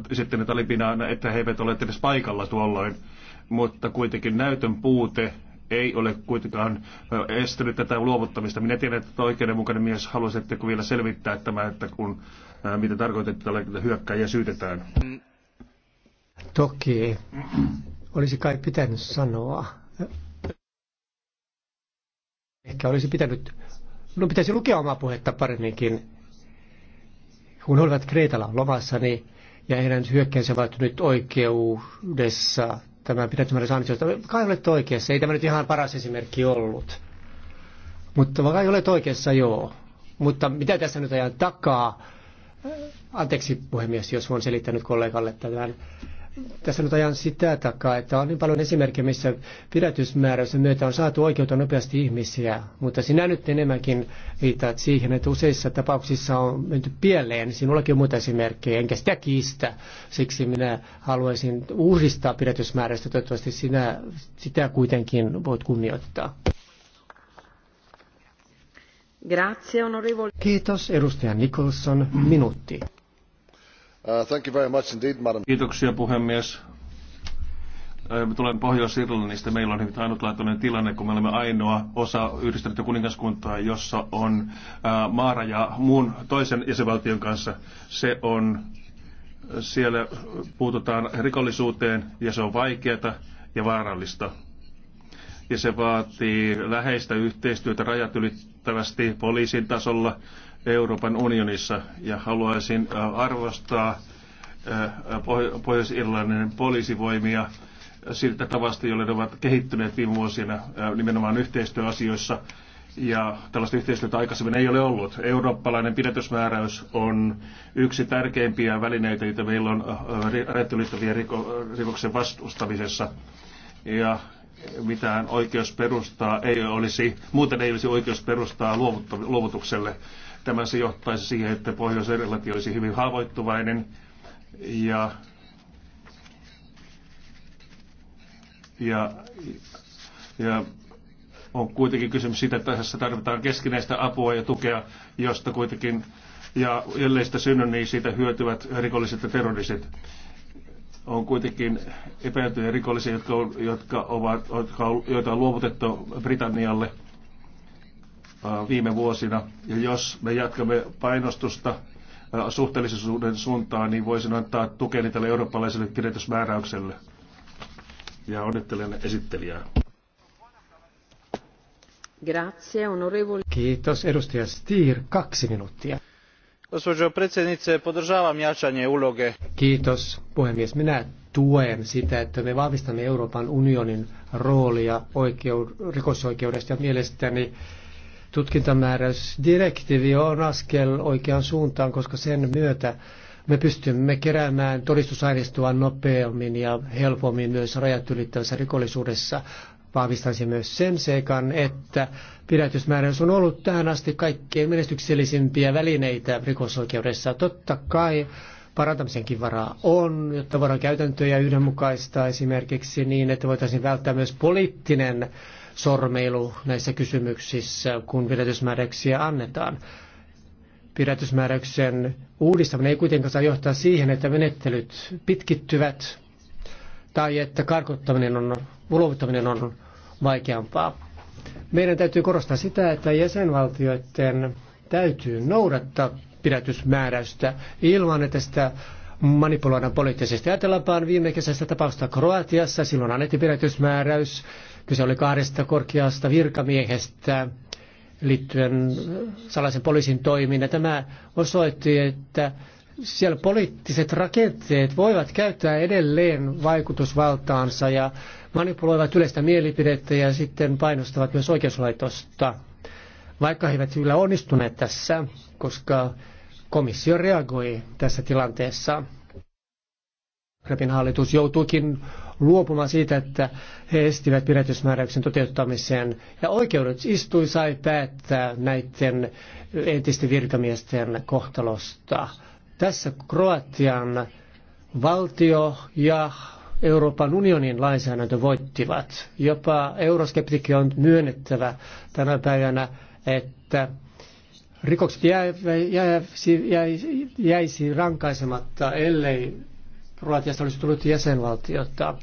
Speaker 5: esittäneet alipinaan, että he eivät ole edes paikalla tuolloin, mutta kuitenkin näytön puute ei ole kuitenkaan estänyt tätä luovuttamista. Minä tiedän, että oikeudenmukainen mies haluaisi, että vielä selvittää tämä, että kun Äh, mitä tarkoitetaan, että hyökkäjä syytetään.
Speaker 3: Toki olisi kai pitänyt sanoa. Ehkä olisi pitänyt, no pitäisi lukea omaa puhetta paremminkin. Kun he olivat Kreetalla lomassa, niin ja heidän hyökkäänsä ovat nyt oikeudessa tämän pidätymän ansiosta. Kai olet oikeassa, ei tämä nyt ihan paras esimerkki ollut. Mutta kai olet oikeassa, joo. Mutta mitä tässä nyt ajan takaa? Anteeksi puhemies, jos olen selittänyt kollegalle tämän. Tässä nyt ajan sitä takaa, että on niin paljon esimerkkejä, missä pidätysmääräysten myötä on saatu oikeutta nopeasti ihmisiä, mutta sinä nyt enemmänkin viittaat siihen, että useissa tapauksissa on menty pieleen. Sinullakin on muita esimerkkejä, enkä sitä kiistä. Siksi minä haluaisin uudistaa pidätysmääräystä. Toivottavasti sinä sitä kuitenkin voit kunnioittaa. Grazie, Kiitos, edustaja Nicholson. Minuutti.
Speaker 5: Uh, Kiitoksia, puhemies. Äh, me tulemme Pohjois-Irlannista. Meillä on hyvin ainutlaatuinen tilanne, kun me olemme ainoa osa yhdistettyä kuningaskuntaa, jossa on äh, maaraja muun toisen jäsenvaltion kanssa. Se on, siellä puututaan rikollisuuteen ja se on vaikeata ja vaarallista. Ja se vaatii läheistä yhteistyötä rajat ylittäen merkittävästi poliisin tasolla Euroopan unionissa ja haluaisin äh, arvostaa äh, Pohjois-Irlannin poliisivoimia siltä tavasta, jolle ne ovat kehittyneet viime vuosina äh, nimenomaan yhteistyöasioissa. Ja tällaista yhteistyötä aikaisemmin ei ole ollut. Eurooppalainen pidätysmääräys on yksi tärkeimpiä välineitä, joita meillä on rajat rikoksen vastustamisessa. Ja mitään oikeusperustaa ei olisi, muuten ei olisi oikeusperustaa luovutukselle. Tämä se johtaisi siihen, että pohjois olisi hyvin haavoittuvainen ja, ja, ja on kuitenkin kysymys siitä, että tässä tarvitaan keskinäistä apua ja tukea, josta kuitenkin ja ellei sitä synny, niin siitä hyötyvät rikolliset ja terroristit on kuitenkin epäiltyjä rikollisia, jotka, on, jotka ovat, jotka on, joita on luovutettu Britannialle viime vuosina. Ja jos me jatkamme painostusta suhteellisuuden suuntaan, niin voisin antaa tukeni tälle eurooppalaiselle
Speaker 3: kirjoitusmääräykselle.
Speaker 5: Ja onnittelen esittelijää.
Speaker 1: Grazie, onorevoli.
Speaker 3: Kiitos, edustaja Stier. Kaksi minuuttia.
Speaker 4: Gospođo predsjednice, podržavam jačanje uloge.
Speaker 3: Kiitos puhemies. Minä tuen sitä, että me vahvistamme Euroopan unionin roolia oikeud- rikosoikeudesta ja mielestäni tutkintamääräysdirektiivi on askel oikeaan suuntaan, koska sen myötä me pystymme keräämään todistusaineistoa nopeammin ja helpommin myös rajat ylittävässä rikollisuudessa vahvistaisi myös sen seikan, että pidätysmääräys on ollut tähän asti kaikkein menestyksellisimpiä välineitä rikosoikeudessa. Totta kai parantamisenkin varaa on, jotta voidaan käytäntöjä yhdenmukaista esimerkiksi niin, että voitaisiin välttää myös poliittinen sormeilu näissä kysymyksissä, kun pidätysmääräyksiä annetaan. Pidätysmääräyksen uudistaminen ei kuitenkaan saa johtaa siihen, että menettelyt pitkittyvät tai että karkottaminen on, ulovittaminen on vaikeampaa. Meidän täytyy korostaa sitä, että jäsenvaltioiden täytyy noudattaa pidätysmääräystä ilman, että sitä manipuloidaan poliittisesti. Ajatellaanpaan viime kesästä tapausta Kroatiassa, silloin annettiin pidätysmääräys. Kyse oli kahdesta korkeasta virkamiehestä liittyen salaisen poliisin toiminnan. Tämä osoitti, että siellä poliittiset rakenteet voivat käyttää edelleen vaikutusvaltaansa ja manipuloivat yleistä mielipidettä ja sitten painostavat myös oikeuslaitosta. Vaikka he eivät kyllä onnistuneet tässä, koska komissio reagoi tässä tilanteessa. Repin hallitus joutuukin luopumaan siitä, että he estivät pidätysmääräyksen toteuttamiseen ja oikeudet istui sai päättää näiden entisten virkamiesten kohtalosta. Tässä Kroatian valtio ja Euroopan unionin lainsäädäntö voittivat. Jopa euroskeptikki on myönnettävä tänä päivänä, että rikokset jäisi rankaisematta, ellei Kroatiasta olisi tullut jäsenvaltiota.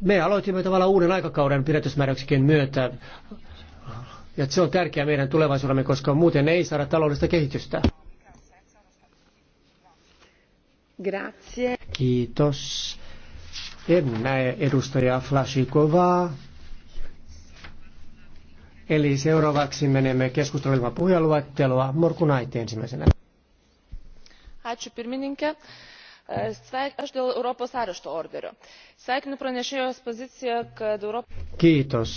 Speaker 3: Me aloitimme tavallaan uuden aikakauden pidätysmääräyksikin myötä, ja se on tärkeää meidän tulevaisuudemme, koska muuten ei saada taloudellista kehitystä.
Speaker 2: Grazie.
Speaker 3: Kiitos. En näe edustaja Flashikovaa. Eli seuraavaksi menemme keskustelemaan puheenluettelua. Naite ensimmäisenä.
Speaker 4: Ačiū pirmininkė. E, aš dėl Europos arešto orderio. Sveikinu pranešėjos poziciją, kad Europos...
Speaker 3: Kiitos,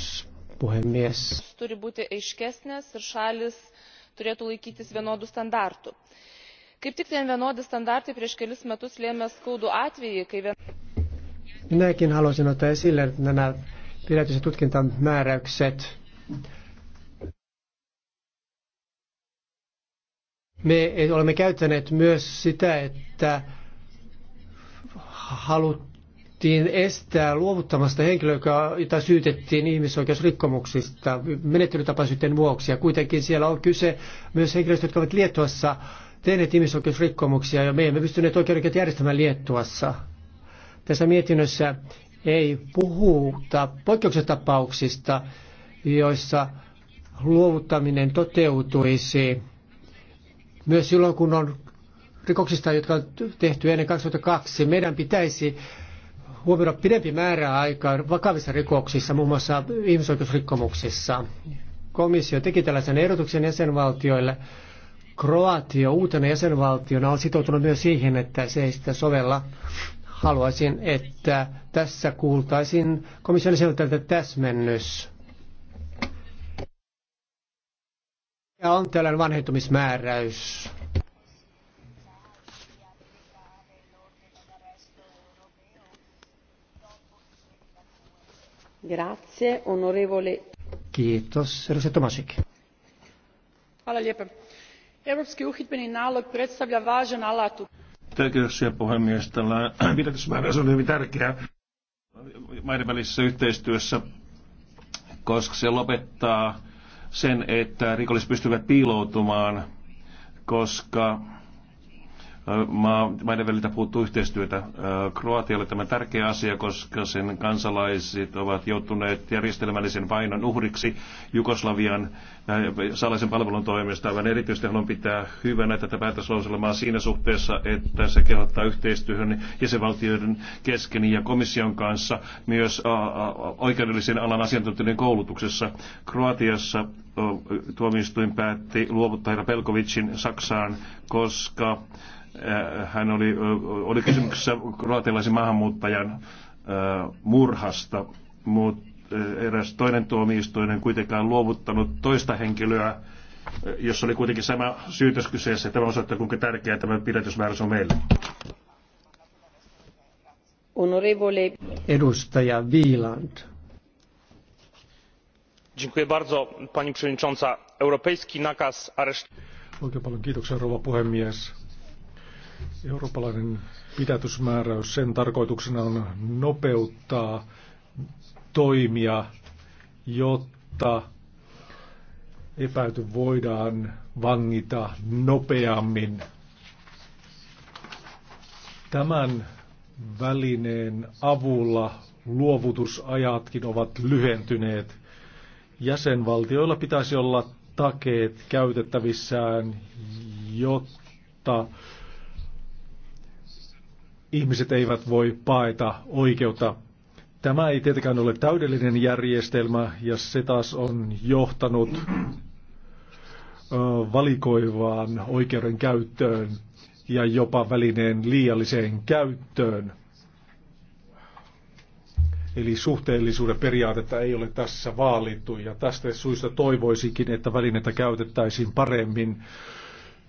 Speaker 3: puhemies.
Speaker 2: ...turi būti aiškesnės ir šalis turėtų laikytis vienodų standartų kaip tik nevienodi standartai prieš kelis metus lėmė skaudų atvejį
Speaker 4: kai
Speaker 3: Minäkin haluaisin ottaa esille nämä pidätys- ja tutkintamääräykset. Me olemme käyttäneet myös sitä, että haluttiin estää luovuttamasta henkilöä, jota syytettiin ihmisoikeusrikkomuksista menettelytapaisuuden vuoksi. Ja kuitenkin siellä on kyse myös henkilöistä, jotka ovat Liettuassa tehneet ihmisoikeusrikkomuksia ja me emme pystyneet oikeudet järjestämään Liettuassa. Tässä mietinnössä ei puhuta poikkeuksetapauksista, joissa luovuttaminen toteutuisi myös silloin, kun on rikoksista, jotka on tehty ennen 2002. Meidän pitäisi huomioida pidempi määrä aikaa vakavissa rikoksissa, muun muassa ihmisoikeusrikkomuksissa. Komissio teki tällaisen ehdotuksen jäsenvaltioille Kroatia uutena jäsenvaltiona on sitoutunut myös siihen, että se ei sitä sovella. Haluaisin, että tässä kuultaisin komission jäseneltä täsmennys. Ja on tällainen vanhentumismääräys.
Speaker 2: Grazie, onorevole.
Speaker 3: Kiitos, edustaja Tomasik.
Speaker 2: Hvala Europski
Speaker 4: uhidbeni nalog predstavlja važan alat u...
Speaker 5: puhemies. Tällä pidätysmääräys on hyvin tärkeä maiden välisessä yhteistyössä, koska se lopettaa sen, että rikolliset pystyvät piiloutumaan, koska maiden välillä puuttuu yhteistyötä. Kroatialle tämä tärkeä asia, koska sen kansalaiset ovat joutuneet järjestelmällisen vainon uhriksi Jugoslavian salaisen palvelun toimesta. Aivan erityisesti haluan pitää hyvänä tätä päätöslauselmaa siinä suhteessa, että se kehottaa yhteistyöhön jäsenvaltioiden kesken ja komission kanssa myös oikeudellisen alan asiantuntijoiden koulutuksessa. Kroatiassa tuomioistuin päätti luovuttaa herra Pelkovicin Saksaan, koska Äh, hän oli, oli kysymyksessä kroatialaisen maahanmuuttajan murhasta, mutta eräs toinen tuomioistuin ei kuitenkaan luovuttanut toista henkilöä, jossa oli kuitenkin sama syytös kyseessä. Tämä osoittaa, kuinka tärkeä tämä pidätysmääräys on meille.
Speaker 3: Honorevole. Edustaja Wieland.
Speaker 5: Dziękuję bardzo, pani przewodnicząca. Europejski nakaz areszt... Oikein paljon
Speaker 6: kiitoksia, rouva puhemies Eurooppalainen pitätysmääräys, sen tarkoituksena on nopeuttaa toimia, jotta epäyty voidaan vangita nopeammin. Tämän välineen avulla luovutusajatkin ovat lyhentyneet. Jäsenvaltioilla pitäisi olla takeet käytettävissään, jotta ihmiset eivät voi paeta oikeutta. Tämä ei tietenkään ole täydellinen järjestelmä ja se taas on johtanut valikoivaan oikeuden käyttöön ja jopa välineen liialliseen käyttöön. Eli suhteellisuuden periaatetta ei ole tässä vaalittu ja tästä suista toivoisinkin, että välineitä käytettäisiin paremmin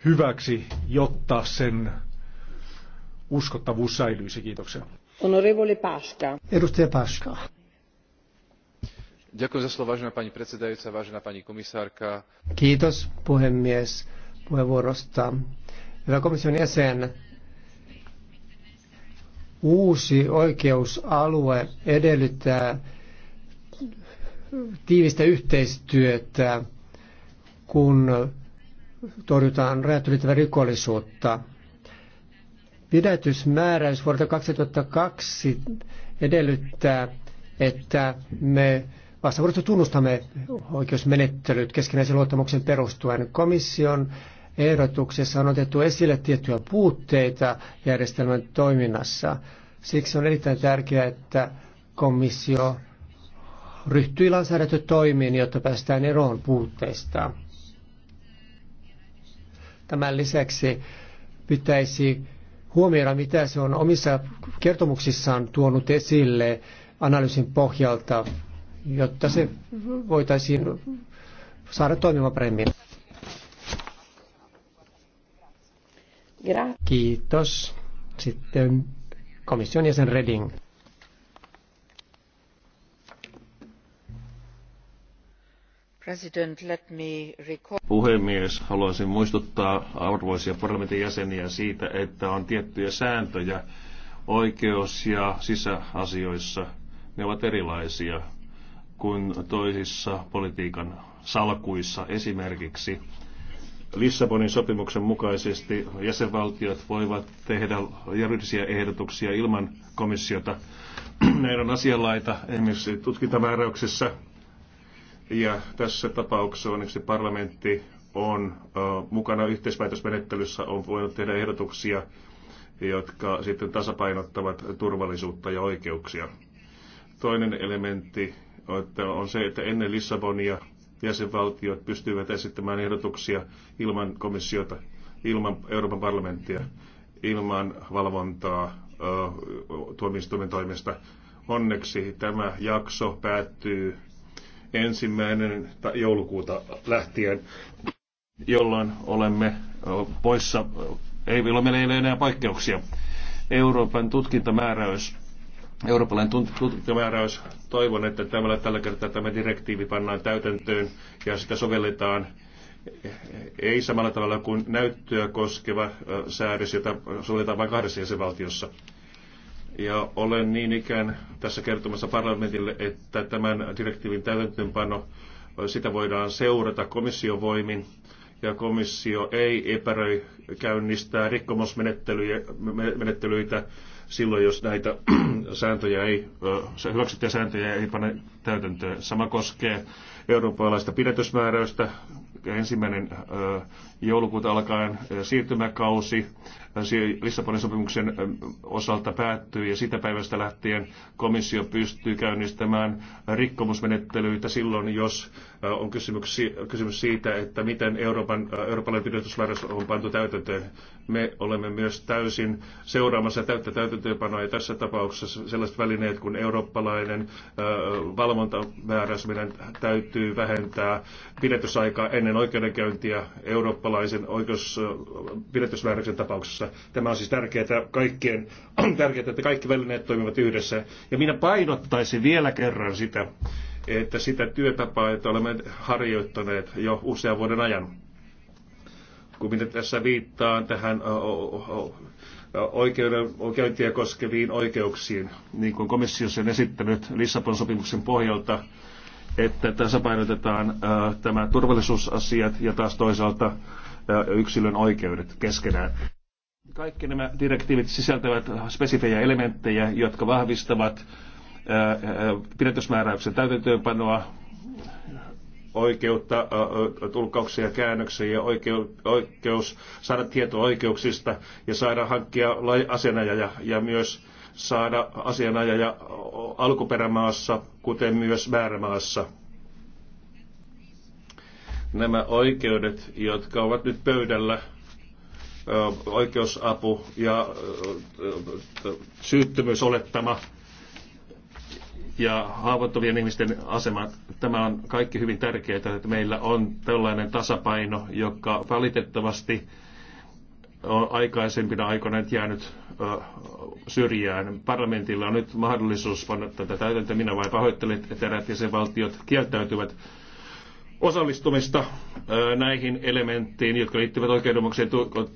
Speaker 6: hyväksi, jotta sen uskottavuus säilyisi. Kiitoksia.
Speaker 2: Honorevole Paska.
Speaker 3: Edustaja Paska. Kiitos puhemies puheenvuorosta. Hyvä komission jäsen, uusi oikeusalue edellyttää tiivistä yhteistyötä, kun torjutaan rajat rikollisuutta. Pidätysmääräys vuodelta 2002 edellyttää, että me vastavuorossa tunnustamme oikeusmenettelyt keskinäisen luottamuksen perustuen. Komission ehdotuksessa on otettu esille tiettyjä puutteita järjestelmän toiminnassa. Siksi on erittäin tärkeää, että komissio ryhtyi lainsäädäntötoimiin, jotta päästään eroon puutteista. Tämän lisäksi pitäisi huomioida, mitä se on omissa kertomuksissaan tuonut esille analyysin pohjalta, jotta se voitaisiin saada toimimaan paremmin. Kiitos. Sitten komission jäsen Reding.
Speaker 2: Puhemies,
Speaker 5: haluaisin muistuttaa arvoisia parlamentin jäseniä siitä, että on tiettyjä sääntöjä oikeus- ja sisäasioissa. Ne ovat erilaisia kuin toisissa politiikan salkuissa. Esimerkiksi Lissabonin sopimuksen mukaisesti jäsenvaltiot voivat tehdä juridisia ehdotuksia ilman komissiota. Meidän asianlaita esimerkiksi tutkintamääräyksissä. Ja tässä tapauksessa onneksi parlamentti on mukana yhteispäätösmenettelyssä, on voinut tehdä ehdotuksia, jotka sitten tasapainottavat turvallisuutta ja oikeuksia. Toinen elementti on se, että ennen Lissabonia jäsenvaltiot pystyivät esittämään ehdotuksia ilman komissiota, ilman Euroopan parlamenttia, ilman valvontaa tuomioistuimen toimesta. Onneksi tämä jakso päättyy ensimmäinen joulukuuta lähtien, jolloin olemme poissa, ei, vielä meillä ei ole enää poikkeuksia. Euroopan tutkintamääräys eurooppalainen tutkintamääräys. Toivon, että tämällä, tällä kertaa tämä direktiivi pannaan täytäntöön ja sitä sovelletaan e, ei samalla tavalla kuin näyttöä koskeva säädös, jota sovelletaan vain kahdessa jäsenvaltiossa. Ja olen niin ikään tässä kertomassa parlamentille, että tämän direktiivin täytäntöönpano, sitä voidaan seurata komissiovoimin. voimin ja komissio ei epäröi käynnistää rikkomusmenettelyitä silloin, jos näitä sääntöjä ei, hyväksyttyjä sääntöjä ei pane täytäntöön. Sama koskee eurooppalaista pidätysmääräystä. Ensimmäinen joulukuuta alkaen siirtymäkausi Lissabonin sopimuksen osalta päättyy ja sitä päivästä lähtien komissio pystyy käynnistämään rikkomusmenettelyitä silloin, jos on kysymys siitä, että miten Euroopan, Euroopan pidätyslaitos on pantu täytäntöön. Me olemme myös täysin seuraamassa täyttä täytäntöönpanoa ja tässä tapauksessa sellaiset välineet kuin eurooppalainen valvontamääräisminen täytyy vähentää pidätysaikaa ennen oikeudenkäyntiä eurooppalaisen oikeus pidätysmääräyksen tapauksessa. Tämä on siis tärkeää, kaikkien, on tärkeää, että kaikki välineet toimivat yhdessä. Ja minä painottaisin vielä kerran sitä, että sitä työtapaa, jota olemme harjoittaneet jo usean vuoden ajan. Kun minä tässä viittaan tähän oikeudenkäyntiä koskeviin oikeuksiin, niin kuin komissio on esittänyt Lissabon sopimuksen pohjalta, että tasapainotetaan tämä turvallisuusasiat ja taas toisaalta yksilön oikeudet keskenään. Kaikki nämä direktiivit sisältävät spesifejä elementtejä, jotka vahvistavat pidätysmääräyksen täytäntöönpanoa, oikeutta tulkauksia ja käännöksiä ja oikeus saada tieto oikeuksista ja saada hankkia asianajaja ja myös saada asianajaja alkuperämaassa, kuten myös määrämaassa nämä oikeudet, jotka ovat nyt pöydällä, oikeusapu ja syyttömyysolettama ja haavoittuvien ihmisten asema. Tämä on kaikki hyvin tärkeää, että meillä on tällainen tasapaino, joka valitettavasti on aikaisempina aikoina jäänyt syrjään. Parlamentilla on nyt mahdollisuus panna tätä täytäntöön. Minä vain pahoittelen, että eräät jäsenvaltiot kieltäytyvät osallistumista näihin elementtiin, jotka liittyvät oikeudenmukaiseen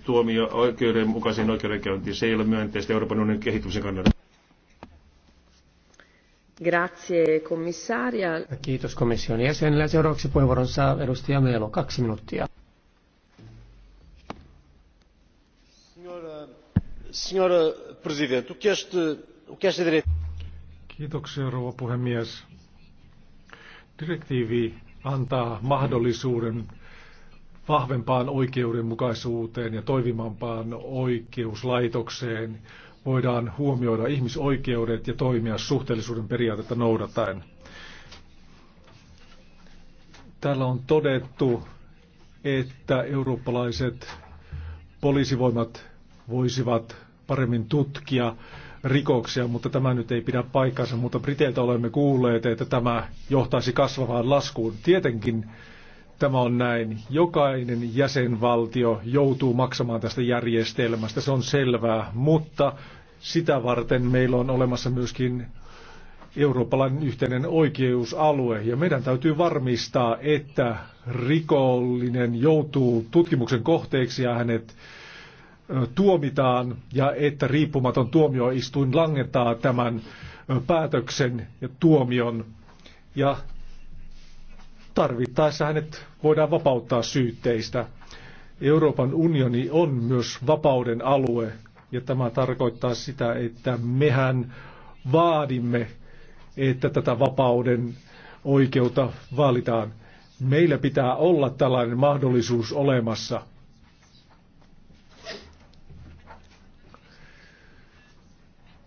Speaker 5: tuomio oikeudenmukaiseen oikeudenkäyntiin. Se ei ole myönteistä Euroopan unionin kehittymisen kannalta.
Speaker 2: Grazie, komissaria.
Speaker 3: Kiitos komission jäsenelle. Seuraavaksi puheenvuoron saa edustaja Meelo. Kaksi minuuttia.
Speaker 6: Signora Presidente, Kiitoksia, rouva puhemies. Direktiivi antaa mahdollisuuden vahvempaan oikeudenmukaisuuteen ja toimivampaan oikeuslaitokseen. Voidaan huomioida ihmisoikeudet ja toimia suhteellisuuden periaatetta noudattaen. Täällä on todettu, että eurooppalaiset poliisivoimat voisivat paremmin tutkia rikoksia, mutta tämä nyt ei pidä paikkaansa, mutta Briteiltä olemme kuulleet, että tämä johtaisi kasvavaan laskuun. Tietenkin tämä on näin. Jokainen jäsenvaltio joutuu maksamaan tästä järjestelmästä, se on selvää, mutta sitä varten meillä on olemassa myöskin eurooppalainen yhteinen oikeusalue ja meidän täytyy varmistaa, että rikollinen joutuu tutkimuksen kohteeksi ja hänet tuomitaan ja että riippumaton tuomioistuin langentaa tämän päätöksen ja tuomion ja tarvittaessa hänet voidaan vapauttaa syytteistä. Euroopan unioni on myös vapauden alue ja tämä tarkoittaa sitä, että mehän vaadimme, että tätä vapauden oikeutta vaalitaan. Meillä pitää olla tällainen mahdollisuus olemassa –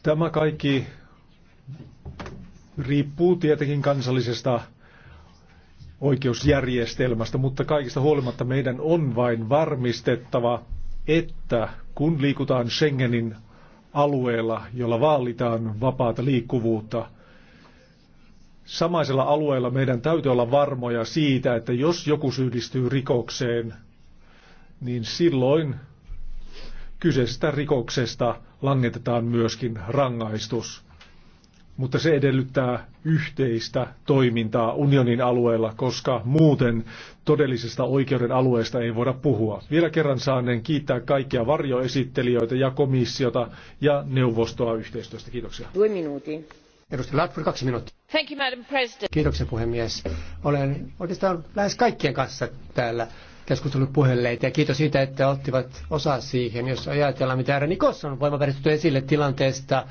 Speaker 6: Tämä kaikki riippuu tietenkin kansallisesta oikeusjärjestelmästä, mutta kaikista huolimatta meidän on vain varmistettava, että kun liikutaan Schengenin alueella, jolla vaalitaan vapaata liikkuvuutta, samaisella alueella meidän täytyy olla varmoja siitä, että jos joku syyllistyy rikokseen, niin silloin kyseisestä rikoksesta langetetaan myöskin rangaistus. Mutta se edellyttää yhteistä toimintaa unionin alueella, koska muuten todellisesta oikeuden alueesta ei voida puhua. Vielä kerran saaneen kiittää kaikkia varjoesittelijöitä ja komissiota ja neuvostoa yhteistyöstä. Kiitoksia. Due
Speaker 1: minuutin.
Speaker 3: Edustaja Latvur, kaksi minuuttia. Thank you, Madam President. Kiitoksia puhemies. Olen oikeastaan lähes kaikkien kanssa täällä keskustelun puheleita ja kiitos siitä, että ottivat osaa siihen. Jos ajatellaan, mitä Aaron Kosson on voimaperistetty esille tilanteesta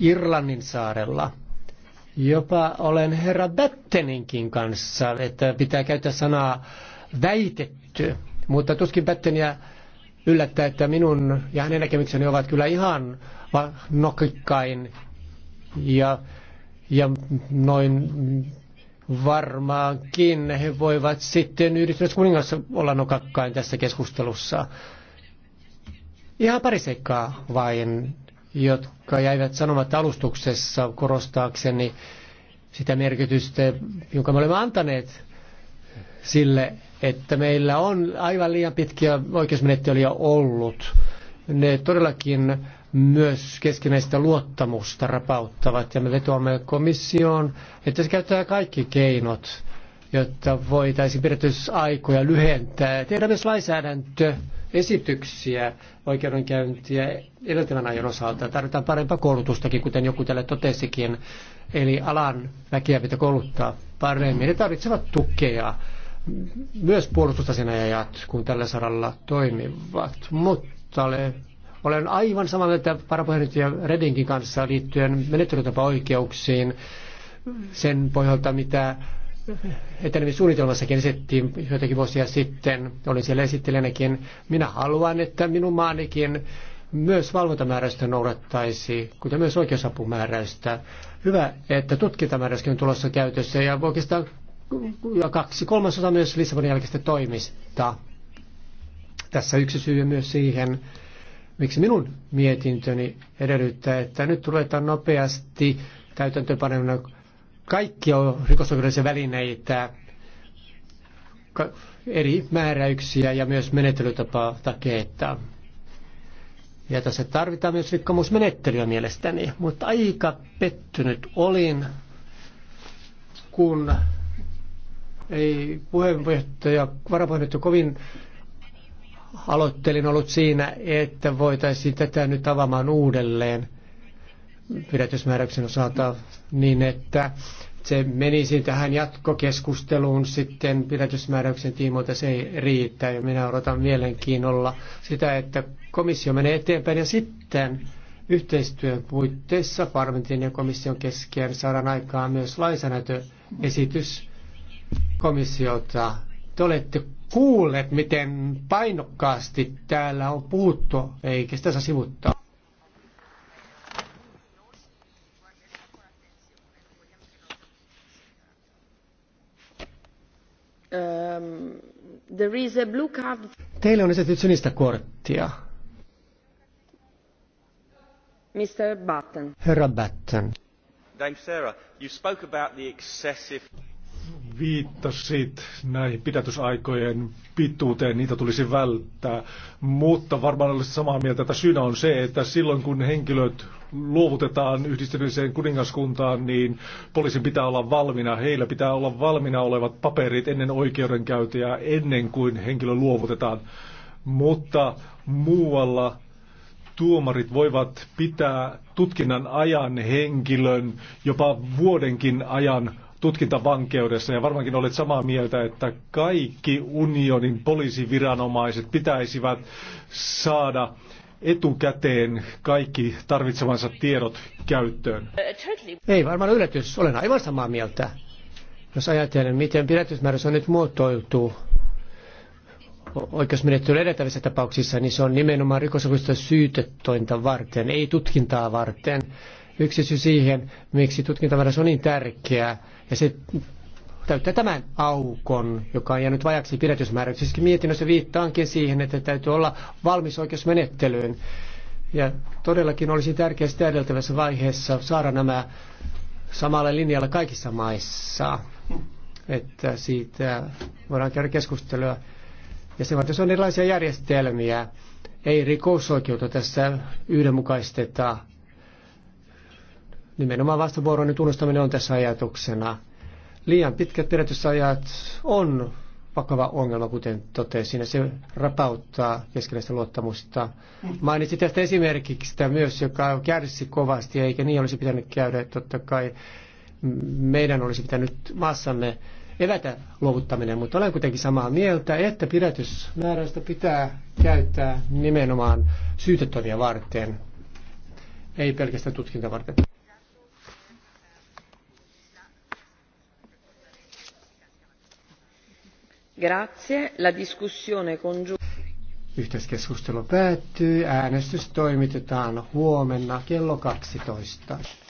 Speaker 3: Irlannin saarella. Jopa olen herra Batteninkin kanssa, että pitää käyttää sanaa väitetty, mutta tuskin Batteniä yllättää, että minun ja hänen näkemykseni ovat kyllä ihan nokikkain ja, ja noin varmaankin he voivat sitten yhdistyneessä kuningassa olla nokakkain tässä keskustelussa. Ihan pari seikkaa vain, jotka jäivät sanomatta alustuksessa korostaakseni sitä merkitystä, jonka me olemme antaneet sille, että meillä on aivan liian pitkiä oikeusmenettelyjä ollut. Ne todellakin myös keskinäistä luottamusta rapauttavat. Ja me vetoamme komissioon, että se käyttää kaikki keinot, jotta voitaisiin pidätysaikoja lyhentää. Tehdään myös esityksiä oikeudenkäyntiä edeltävän ajan osalta. Tarvitaan parempaa koulutustakin, kuten joku tälle totesikin. Eli alan väkeä pitää kouluttaa paremmin. Ne tarvitsevat tukea myös puolustusasianajajat, kun tällä saralla toimivat. Mutta ole olen aivan samaa mieltä varapuheenjohtaja Redinkin kanssa liittyen menettelytapaoikeuksiin sen pohjalta, mitä etenemissuunnitelmassakin esittiin joitakin vuosia sitten. Olin siellä esittelijänäkin. Minä haluan, että minun maanikin myös valvontamääräystä noudattaisi, kuten myös oikeusapumääräystä. Hyvä, että tutkintamääräyskin on tulossa käytössä ja oikeastaan ja kaksi kolmasosa myös Lissabonin jälkeistä toimista. Tässä yksi syy myös siihen, miksi minun mietintöni edellyttää, että nyt ruvetaan nopeasti kaikki on rikosoikeudellisia välineitä, eri määräyksiä ja myös menettelytapaa takeetta. Ja tässä tarvitaan myös rikkomusmenettelyä mielestäni, mutta aika pettynyt olin, kun ei puheenjohtaja, varapuheenjohtaja kovin aloittelin ollut siinä, että voitaisiin tätä nyt avaamaan uudelleen pidätysmääräyksen osalta niin, että se menisi tähän jatkokeskusteluun sitten pidätysmääräyksen tiimoilta, se ei riitä. Ja minä odotan mielenkiinnolla sitä, että komissio menee eteenpäin ja sitten yhteistyön puitteissa parlamentin ja komission kesken saadaan aikaan myös lainsäädäntöesitys komissiota. Te olette kuulleet, miten painokkaasti täällä on puhuttu, eikä sitä saa sivuttaa.
Speaker 2: Um, there is a blue card.
Speaker 3: Teille on esitetty sinistä korttia.
Speaker 1: Mr. Button.
Speaker 3: Herra Button.
Speaker 1: Dame Sarah, you spoke about the excessive
Speaker 6: viittasit näihin pidätysaikojen pituuteen, niitä tulisi välttää. Mutta varmaan olisi samaa mieltä, että syynä on se, että silloin kun henkilöt luovutetaan yhdistyneeseen kuningaskuntaan, niin poliisin pitää olla valmiina. Heillä pitää olla valmiina olevat paperit ennen oikeudenkäyntiä, ennen kuin henkilö luovutetaan. Mutta muualla tuomarit voivat pitää tutkinnan ajan henkilön jopa vuodenkin ajan tutkintavankeudessa ja varmaankin olet samaa mieltä, että kaikki unionin poliisiviranomaiset pitäisivät saada etukäteen kaikki tarvitsemansa tiedot
Speaker 3: käyttöön. Ei varmaan yllätys, olen aivan samaa mieltä. Jos ajatellaan, miten pidätysmääräys on nyt muotoiltu oikeusmenettelyllä edeltävissä tapauksissa, niin se on nimenomaan rikosoikeudesta syytetointa varten, ei tutkintaa varten. Yksi syy siihen, miksi tutkintamääräys on niin tärkeää? Ja se täyttää tämän aukon, joka on jäänyt vajaksi pidätysmääräyksessä. Siis mietinnössä viittaankin siihen, että täytyy olla valmis oikeusmenettelyyn. Ja todellakin olisi tärkeää sitä edeltävässä vaiheessa saada nämä samalla linjalla kaikissa maissa, että siitä voidaan käydä keskustelua. Ja se on erilaisia järjestelmiä. Ei rikosoikeutta tässä yhdenmukaisteta Nimenomaan vastavuoroinen tunnustaminen on tässä ajatuksena. Liian pitkät pidätysajat on vakava ongelma, kuten totesin, ja se rapauttaa keskinäistä luottamusta. Mainitsin tästä esimerkiksi myös, joka kärsi kovasti, eikä niin olisi pitänyt käydä. Totta kai meidän olisi pitänyt maassamme evätä luovuttaminen, mutta olen kuitenkin samaa mieltä, että pidätysmääräystä pitää käyttää nimenomaan syytettäviä varten, ei pelkästään tutkinta varten. Yhteiskeskustelu päättyy. Äänestys toimitetaan huomenna kello 12.